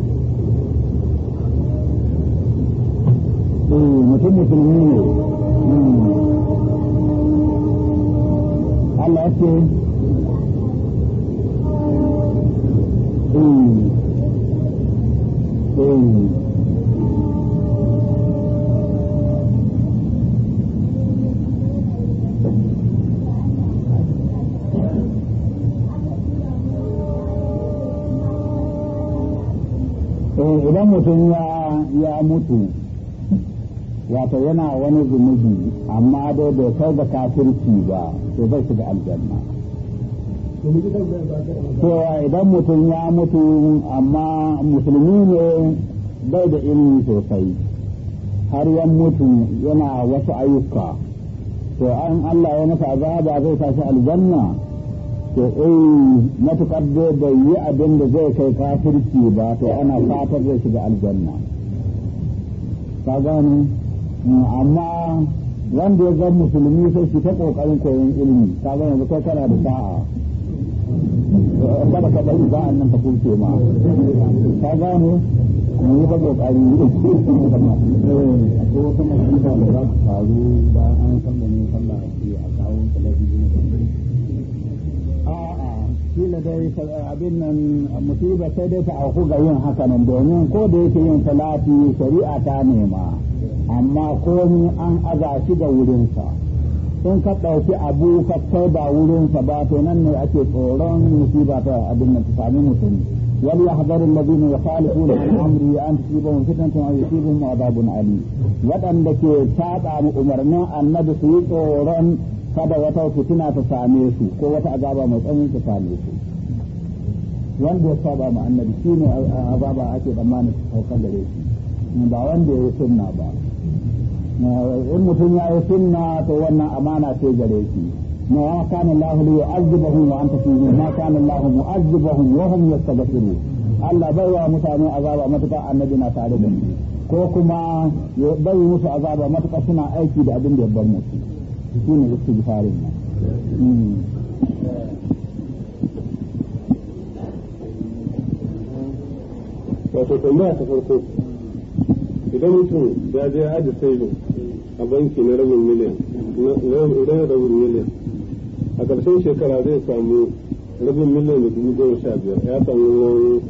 mutum musulmi ne Allah ce idan mutum ya mutu wato yana wani zunubi amma dai bai kai da kafirci ba to zai shiga aljanna to idan mutum ya mutu amma musulmi ne bai da ilimi sosai har ya mutu yana wasu ayyuka to an Allah ya masa azaba zai tashi aljanna to eh matukar da bai yi abin da zai kai kafirci ba to ana fatar zai shiga aljanna ka gane amma wanda ya zama musulmi sai shi ta kokarin koyon ilimi ta zama kai kana da sa'a kada ka bari za'an nan ta kurce ma ta kokari eh, ko da za da ne a musiba sai dai ta auku ga yin haka nan domin ko da yake yin salati shari'a ta nema amma komi an aza shi da wurinsa sun ka ɗauki abu ka kai ba wurinsa ba to nan ne ake tsoron musiba ta abin da ta sami mutum wal yahdharu alladhina yukhalifuna an amri an tusibahum fitnatun aw yusibahum adhabun ali waɗanda ke saba mu umarnin annabi su yi tsoron kada wata fitina ta same su ko wata azaba mai tsanani ta same su wanda ya saba ma annabi a azaba ake tsammanin saukar da shi ba wanda ya yi sunna ba Eh, in mutum ya yi sunna to wannan amana ce gare shi ما كان الله ليعذبهم وانت فيهم ما كان الله معذبهم وهم يستغفرون Allah bai wa mutane azaba matuƙa annabi na tare da su ko kuma bai musu azaba matuƙa suna aiki da abin da yabban musu shi ne istighfarin nan hmm. wato tambaya ta farko idan mutum ya je hajji sai a banki na rabin miliyan na idan ya rabin miliyan a ƙarshen shekara zai samu rabin miliyan da dubu goma sha biyar ya samu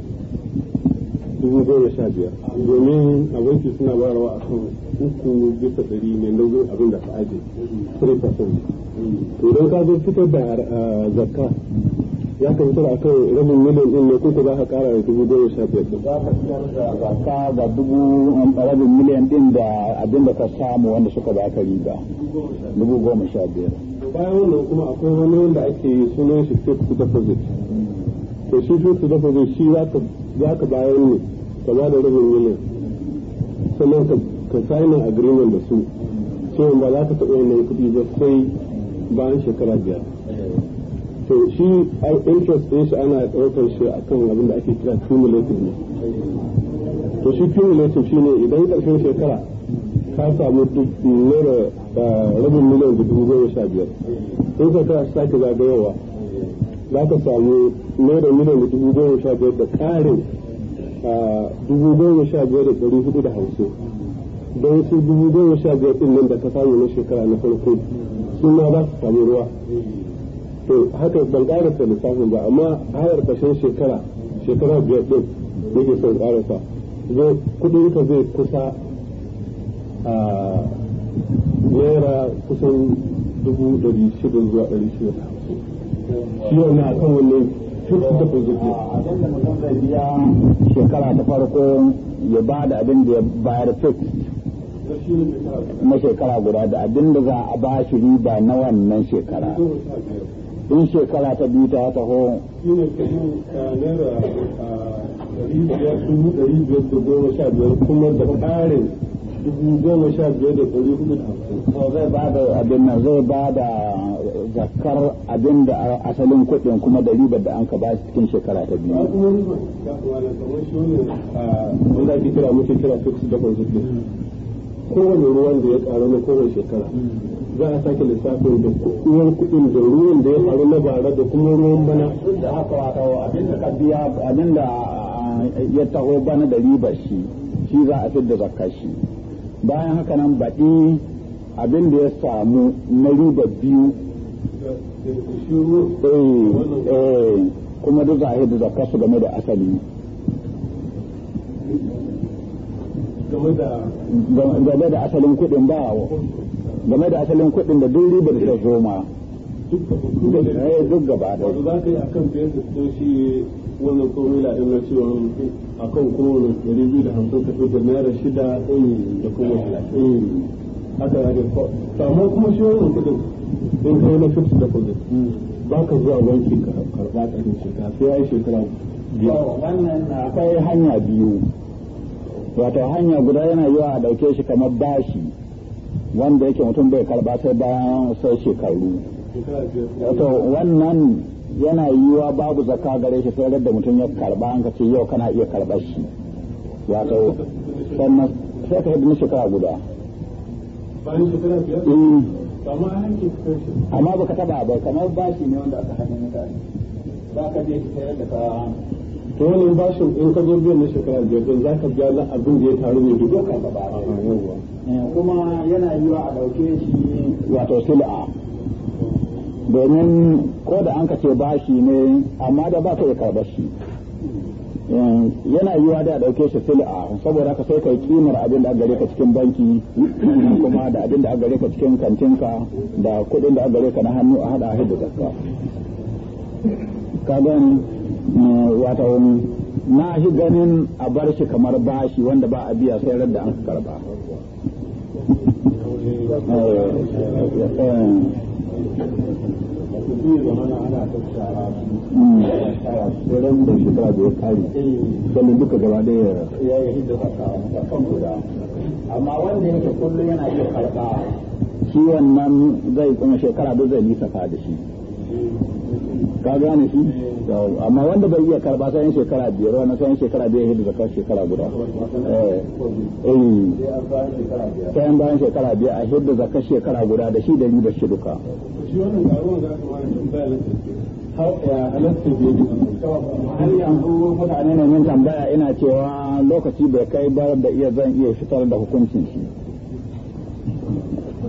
dubu goma sha biyar domin a banki suna bayarwa a kan uku bisa ɗari ne nauyin abin da ka aje 3% idan ka zo fitar da ah, zakka ya kamata a kai rabin miliyan din ne kuka za ka kara da dubu goma sha biyar din. Za ka fitar da dubu um, rabin miliyan din da abin da ka samu wanda suka ba ka riba. Dubu goma sha biyar. Bayan wannan kuma akwai wani wanda ake yi sunan shi to deposit. To shi to deposit shi za ka bayar ne ka ba da rabin miliyan. Sannan ka sign agreement da su. Cewa ba za ka taɓa yin kuɗi ba sai bayan shekara biyar. so shi interest din shi ana daukar shi akan abin da ake kira cumulative ne to shi cumulative shi ne idan ƙarshen shekara ka samu duk naira ah, rabin miliyan da dubu goma sha biyar in ka ta sake zagayowa za ka samu naira miliyan da dubu goma sha biyar da ƙarin ah, dubu goma sha biyar da dari hudu da hamsin don su dubu goma sha biyar ɗin nan da ka samu na shekara na farko su ma za su samu ruwa to haka ban karasa lissafin ba amma hayar bashin shekara shekara biyar din ke son karasa zai kudin ka zai kusa a naira kusan dubu dari shida zuwa dari shida na shi wannan a kan wannan cikin da kuzuki abin shekara ta farko ya ba da abin da ya bayar fit na shekara guda da abin da za a ba shi riba na wannan shekara in shekara ta biyu ta taho eh, eh, kuma ba da zakar abin da asalin kuɗin kuma da ribar da an ka ba cikin shekara ta biyu. kuma eh, mm. kowane ruwan da ya ƙaru na kowane shekara mm. za a sake lissafin da kuwar kuɗin da ruwan da ya faru na bara da kuma ruwan bana da haka wato abin da kabiya abin da eh, ya taho bana da riba shi shi za a fidda zakka shi bayan haka nan baɗi abin da ya samu na riba biyu eh, eh, kuma duk za a hidda zakka su game da asali game da asalin kuɗin ba game da asalin kuɗin da duk ribar da zo ma eh, duk gaba da wato za ka yi a kan biyar da sun shi wannan formula ɗin na cewa kan kowane ɗari biyu da hamsin ka ɗauka naira shida ɗin da kuma ɗin haka ya da to amma kuma shi wannan kuɗin in kai na fifty deposit ba ka zuwa banki ka karɓa ƙarin shekara sai ya yi shekara biyu wannan akwai hanya biyu wato hanya guda yana yiwa a ɗauke shi kamar bashi wanda yake mutum bai karba sai bayan sai shekaru to wannan yana yiwa babu zakka gare shi sai da mutum ya karba an ce yau kana iya karbar shi wato sannan sai ka hidimi shekara guda mm. amma baka taba ba kamar bashi ne wanda aka hannun mutane ba ka je ka sayar da ka to ba shi in ka zo biyan na shekara biyar din za ka biya na abin da ya taru ne duk ka ba ah, eh, kuma yana wa a ɗauke shi wato sil'a domin ko da an ka ce shi ne amma da ba ka iya karɓar shi eh, yana yiwa da ɗauke shi sil'a saboda ka sai kai kimar abin da aka gare ka cikin banki kuma da abin da aka gare ka cikin kantinka da kuɗin da aka gare ka na hannu a hada a hidda zakka ka gani wata wani na shi ganin a bar shi kamar bashi wanda ba a biya sai da an karba da zai kuma shekara da zai nisa da shi ka gane shi amma wanda bai iya karba sai yan shekara biyar wannan sai yan shekara biyar yadda zakar shekara guda eh. eh sai yan bayan shekara biyar a yadda zakar shekara guda da shi da riba shi duka har yanzu mutane ne yin tambaya ina cewa lokaci bai kai ba da iya zan iya fitar da hukuncin shi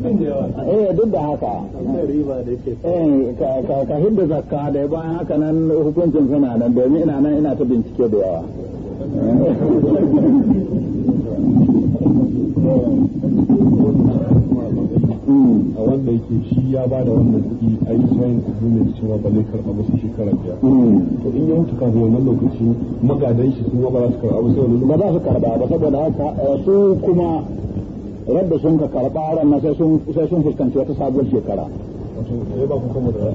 eh duk da haka eh ka hidda zakka da bayan haka nan hukuncin suna nan domin ina nan ina ta bincike da yawa a wanda yake shi ya ba da wanda kuɗi a yi sayan agreement cewa ba zai karɓa musu shekara biyar to in ya mutu kafin wannan lokaci magadan shi su ba za su karɓa ba sai ba za su karɓa ba saboda haka eh, su kuma rabda sun ka karɓa ranar na sai sun fuskanci wata sabuwar shekara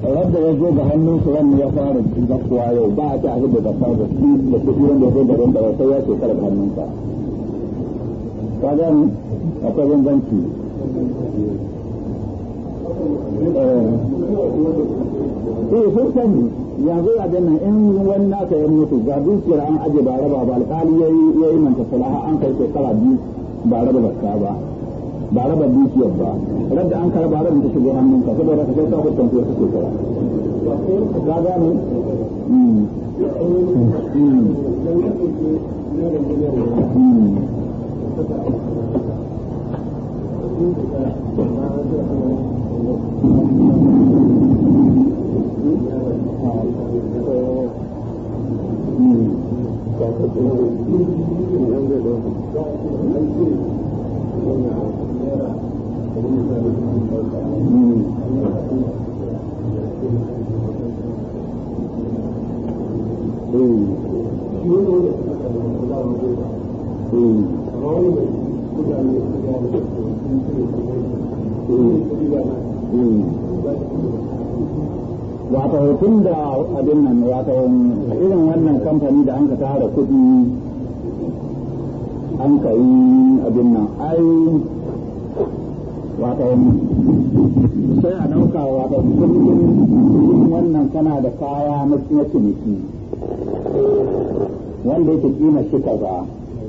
rabda ya zo ga hannun su ran ya fara zakkuwa yau ba a ta abin da zakka da su da su wanda ya da ran da sai ya shekara da hannunsa ka gani akwai bambanci eh. Eh, sun sani yanzu a dana in wani naka ya mutu ga dukiyar an aje ba raba ba alkali ya yi manta salaha an kai shekara biyu ba raba ta ba ba raba dukiyar ba radda an karba rabin ta shige hannun ka saboda ka sai ta tantu ka ce ka ga gane Thank mm. you. Mm. wato tun da abin nan wato irin wannan kamfani da an ka tara kuɗi an ka yi abin nan ai wato sai a ɗauka wato kullum wannan kana da kaya na ciniki wanda yake kima shi kaza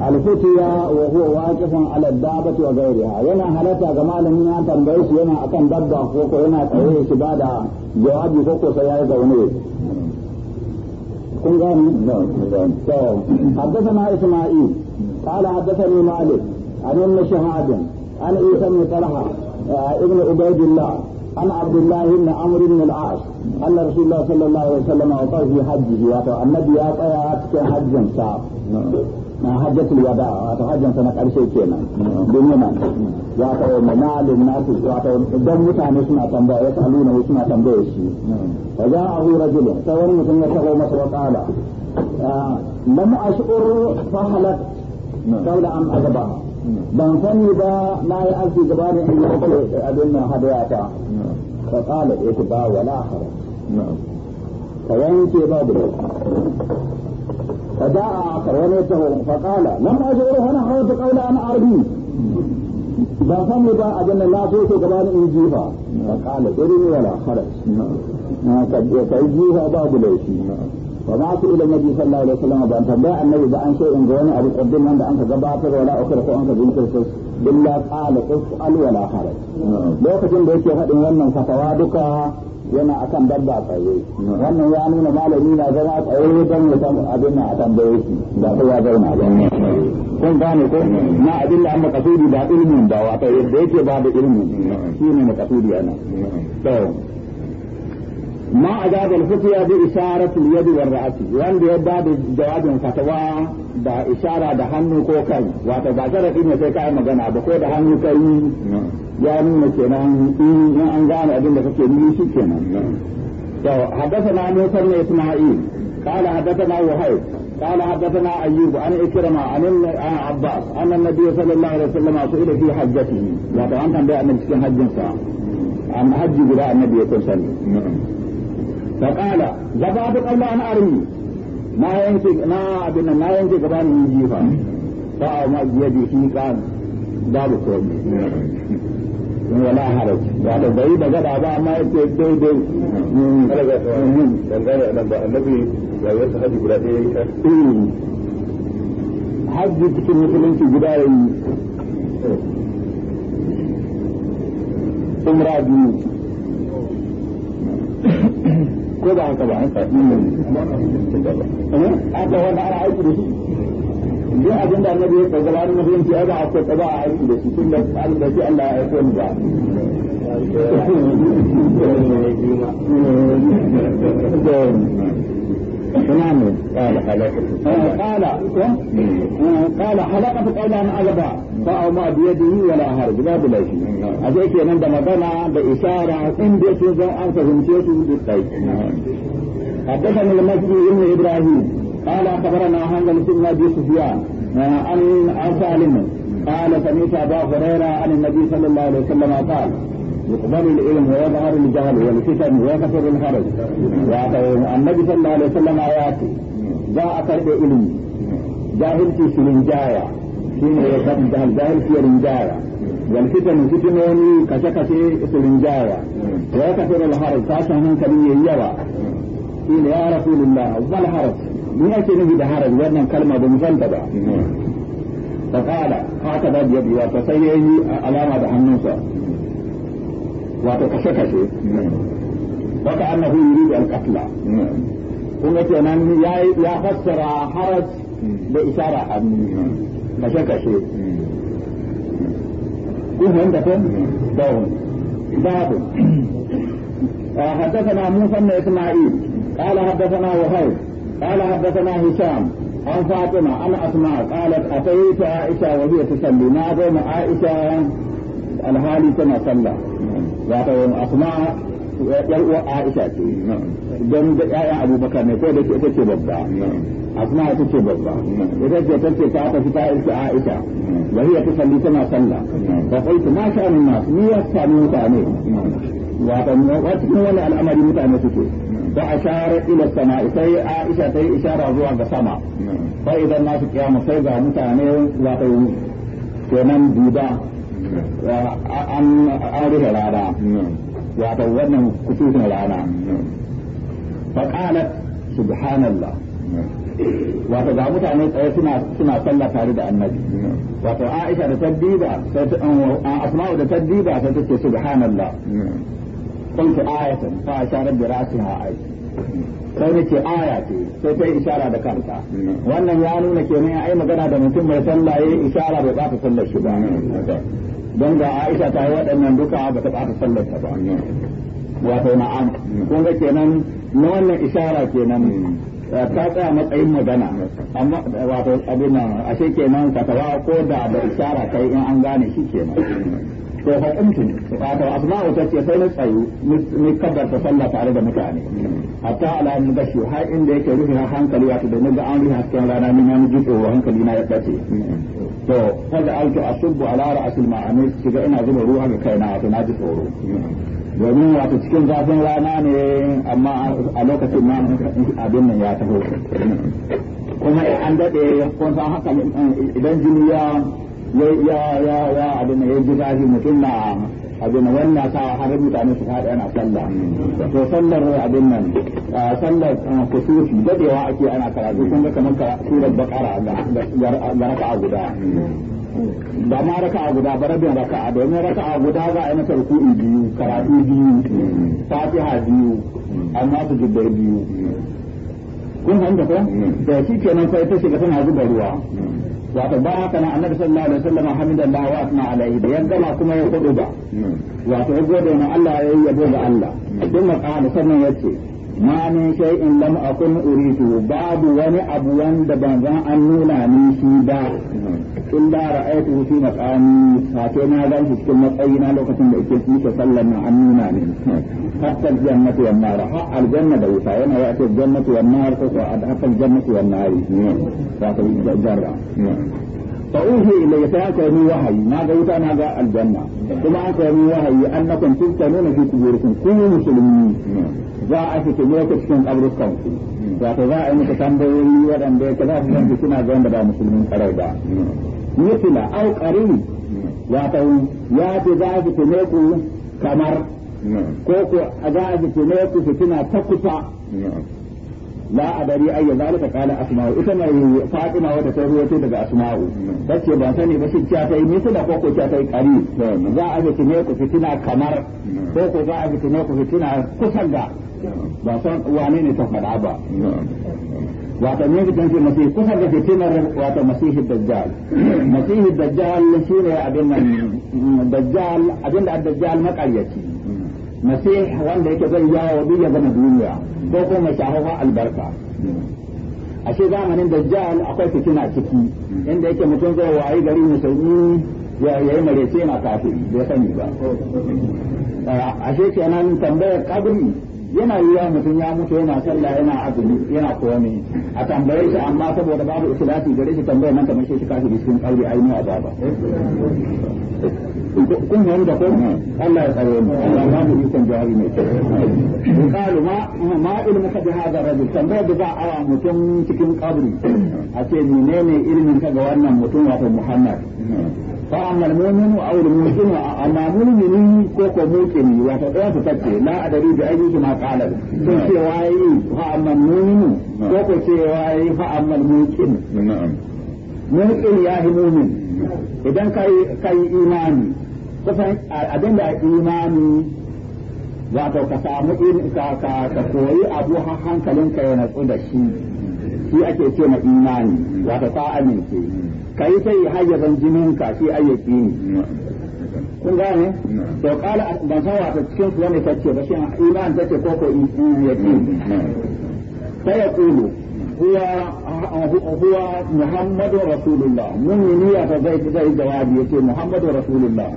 alfitiya wa huwa waqifun ala dabati wa ghayriha yana halatta ga malami ya tambayi shi yana akan dabba ko ko yana tsaye shi ba da jawabi ko sai ya zaune kun gani to haddathana isma'il qala haddathani malik an ibn shahab an isa ibn talha ibn ubaydillah عن عبد الله بن عمرو بن العاص ان رسول الله صلى الله عليه وسلم وقال في حجه النبي يا في حج صعب na hajjatul wada wato hajjan ta na karshe kenan don yana ya kawo mamalin nasu wato dan mutane suna tambaya ya ne suna tambaye. shi fa za a hu rajulun wani mutum ya kawo masa wa qala ah, lam ash'ur fa halak qawla am azaba ban sani ba na yi da gabanin in yi abin nan hadaya ta fa qala ita eh, ba wala haraj ka yanke babu فجاء آخر وليته فقال لم أجعله أنا حوت قول أنا عربي ba san mu ba a jannan na so ko ni in jifa fa qala irin wala kharaj na ka ka jifa babu laifi wa ma su ila nabi sallallahu alaihi wasallam ba tambaya annabi da an ce in a wani abu nan da an ka gabatar wala akhir ko an ka jinkirta billa qala qul wala kharaj lokacin da yake hadin wannan fatawa duka yana akan dabba tsaye wannan ya nuna malami na zama tsaye don ya san abin na a tambaye da ba sai ya zauna ba kun gane ko na abin da an makasudi ba ilimin ba wata yadda yake ba da ilimin shi ne makasudi ana ma a gaban hukiya bi isharatul yadi war wanda ya bada jawabin fatawa da ishara da hannu ko kai wato ba sharadi ne sai kai magana da ko da hannu kai ya nuna kenan in an gane abin kake nuni kenan to haddathana Musa bin Isma'il qala haddathana Wahib قال حدثنا ايوب عن اكرمه عن عباس ان النبي صلى الله عليه وسلم سئل في حجته وطبعا كان بيعمل في حج عن حج بلا النبي صلى الله عليه وسلم فقال زباد قبل أن أرمي ما ينفق ما أبنا ما ينفق بان من جيفا فأما يدي في قال باب كومي ولا حرج هذا بعيد قد أبا ما يتدو دو النبي ya yi wasu hajji guda ɗaya ya yi hajji cikin musulunci guda ya yi umra biyu ko ba haka ba wanda ana aiki da shi duk abin da annabi ya kaza ba na ya a ko a aiki da shi tun da an shi Allah ya aiko ni ba Thank <laughs> نعم قال حلقة قال قال حلقة قول عن أغبى فأوما بيده ولا أهرب هرج باب ليش أزيك ينام بمضنع بإشارة إن بيته أن تهمتيته بالطيب حدثني المسجد ابن إبراهيم قال أخبرنا هنجل بن أبي سفيان عن سالم قال سمعت أبا هريرة عن النبي صلى الله عليه وسلم قال يقبل العلم ويظهر الجهل والفتن ويكثر الهرج النبي صلى الله عليه وسلم آياته جاء كرب علم جاهل في سلنجايا شين يقبل الجهل جاهل في رنجايا والفتن فتنوني كشكشي سلنجايا ويكثر الهرج من كبير يوى قيل يا رسول الله ما الحرج من أجل نجد حرج وأن الكلمة بمسلطة فقال هكذا بيدي وتسيئني علامة بحنوسة وتكشكشي نعم. وكأنه يريد القتل kuma kenan ya يا haraj da isara hannu kashe kashe kun fahimta ko dawon حدثنا موسى بن اسماعيل قال حدثنا وهيب قال حدثنا هشام عن فاطمه عن اسماء قالت اتيت عائشه وهي تصلي ما بين عائشه alhali tana sallah yin asma yar uwa Aisha ce don da ƴaƴan Abubakar ne ko da ke ita ce babba asma ita ce babba ita ce ta ce ta ta fita ita Aisha wa hiya tusalli tana sallah kai ta ma sha'anu masu ni ya sami mutane wa cikin wani al'amari mutane suke a ashara ila sama'i sai Aisha ta yi ishara zuwa ga sama ba idan nasu kiyama sai ga mutane yi kenan duba an da rana wato wannan kututun rana faƙalat subhanallah wato ga mutane tsaye suna suna sallah tare da annabi wato aisha da taddiba sai ta asma'u da taddiba sai ta ce subhanallah qultu ayatan fa da bi ra'siha ai sai nake aya ce sai ta yi ishara da kanta wannan ya nuna kenan ai magana da mutum mai sallah yayi ishara bai ba ta sallar shi ba don ga Aisha ta yi waɗannan duka ba ta ɓata ta ba wato na'am kun ga kenan na wannan ishara kenan ta tsaya matsayin magana amma wato abin nan ashe kenan tawa ko da da ishara kai in an gane shi kenan to fa kuntu wato asma'u wata ce sai na tsayu ni kaddar ta sallar tare da mutane hatta ala mu gashi har inda yake rufe hankali wato da ga an rufe hasken rana ni na ji tsoro hankali na ya bace to kada a asubbu ala ra'sil ma'ani kiga ina zuba ruwa ga kaina wato naji tsoro domin wato cikin zafin rana ne amma a lokacin ma abin nan ya taho kuma an dade kun san haka idan jini ya ya ya ya abin ya ji zafi mutum na abin wani na sa har mutane su faɗi ana sallah to sallar abin nan sallar kusufi dadewa ake ana karatu kun ga kamar surar bakara ga raka'a guda ba ma raka'a guda ba rabin raka'a domin raka'a guda za a yi masa ruku'i biyu karatu biyu fatiha biyu amma su jibbai biyu kun fahimta ko da mm. shi kenan sai ta shiga tana zuba ruwa wato ba haka nan annabi sallallahu alaihi wasallam hamdallahi wa asma alaihi da yaggama kuma ya kudu ba wato ya gode ma Allah ya yi yabo ga Allah duk maqala sannan yace ma min shay'in lam akun uritu babu wani abu wanda ban zan an nuna ni shi ba illa ra'aytuhu fi maqami sato na gan shi cikin matsayina lokacin da yake cikin sallan na an nuna ni حتى الجنة والنار حق الجنة بيسا ينا يأتي الجنة والنار حتى الجنة والنار فاتو جرع فأوحي إلي فأتني وحي ما قلت أنا ذا الجنة ثم أتني وحي أنكم تفتنون في قبوركم كل مسلمين za a fi ne ta cikin kaburukan su wato za a yi muku tambayoyi waɗanda yake za su zanci suna ba Ya ta yi. ya ta za ku kamar ko ko a za a jike ne ku fitina ta kusa la adari ayya zalika qala asma'u ita mai fatima wata ta ruwato daga asma'u tace ban sani ba shi ta yi misala ko ko ta yi kari za a jike ne ku fitina kamar ko ko za a jike ne ku fitina kusan da ba san wane ne ta faɗa ba Wata ne fitan ce masihi kusa da fitinar wato masihi dajjal masihi dajjal shine abin nan dajjal abin da dajjal makaryaci masih wanda yake zai yawo duk ya gama duniya ko kuma shahawa albarka ashe zamanin dajjal akwai fitina ciki inda yake mutum zai wayi gari musulmi ya yi marece na kafiri bai sani ba ashe kenan tambayar kabri yana yiwa mutum ya mutu yana sallah yana azumi yana komai a tambaye shi amma saboda babu ikhlasi gare shi tambayar nan kamar shi kafiri cikin kauri ainihin azaba kun yi da ko Allah ya tsare mu Allah ba mu ikon jawabi mai kyau qalu ma ma ilmu ka bi hadha rajul tambaya da za a mutum cikin kabri a ce menene ilmin ka ga wannan mutum wato Muhammad fa amma mu'minu aw al-mu'minu amma mu'mini ko ko mu'mini wato ɗaya su tace la adari bi ayyuki ma qala sun ce wayi fa amma mu'minu ko ko ce wayi fa amma mu'min na'am mu'min ya hi mu'min idan kai kai imani kusan abin da imani wato ka samu ka koyi abu har ka ya tsu da shi shi ake ce ma imani wato ka amince ka yi sai jinin ka shi ayyaki ne kun gane to kala ban san wato cikin su wani kace ba shi imani take ko ko yaki sai ya kulu huwa huwa Muhammadu Rasulullah mun yi niyya ta zai zai jawabi ce Muhammadu Rasulullah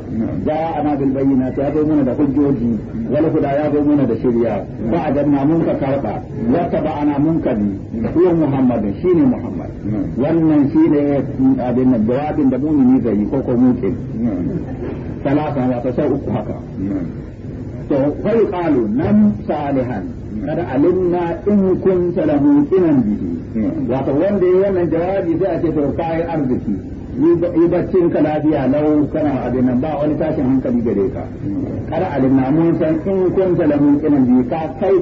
da ana bil bayyina ta zo mana da hujjoji wala kuda ya zo mana da shari'a ba a danna mun ka karba ya taba ana mun ka bi huwa Muhammad shine Muhammad wannan shine abin jawabin da mun yi zai ko ko muke salatan wa ta sai uku haka to fa yi qalu nam salihan kada alimna in kunta la muqinan bihi wato wanda ya wannan jawabi sai a ce to kayan arziki yi baccin ka lafiya lau kana abin nan ba wani tashin hankali gare ka kada alimna mun san in kunta lamun kinan bi ka kai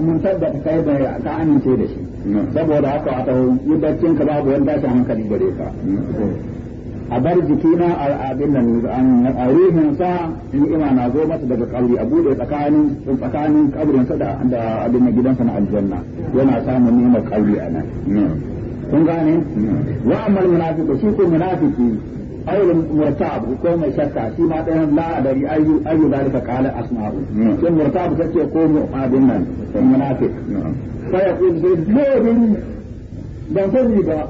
mun tabbata kai da ka amince da shi hmm. saboda haka wato yi baccin ka babu wani tashin hankali gare ka hmm. a bar jikina a abin nan a ruhin sa ni'ima na zo masa daga kabri a bude tsakanin tsakanin kabrin sa da da abin nan gidansa na aljanna yana samun ni'imar kabri a nan kun gane wa amal munafiqu shi ko munafiki aw murtab ko mai shakka shi ma dan la adari ayu ayu dalika kala asma'u kin murtab tace ko mu abin nan munafiq fa yaqul bi ban sani ba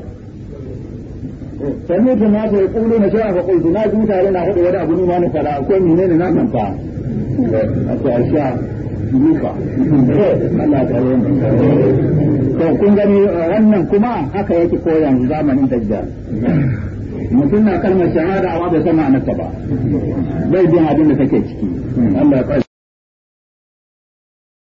sami da na da ya na na sha'a faƙul na ji tare na hudu wani abu ne ma na fara ko mine ne na nan fa a ta sha yuka Allah ta yi to kun gani eh, wannan kuma haka yake koyan zamanin dajjal mutum na kalmar shahada amma bai san ma'anarta ba bai bin abin da take ciki Allah ya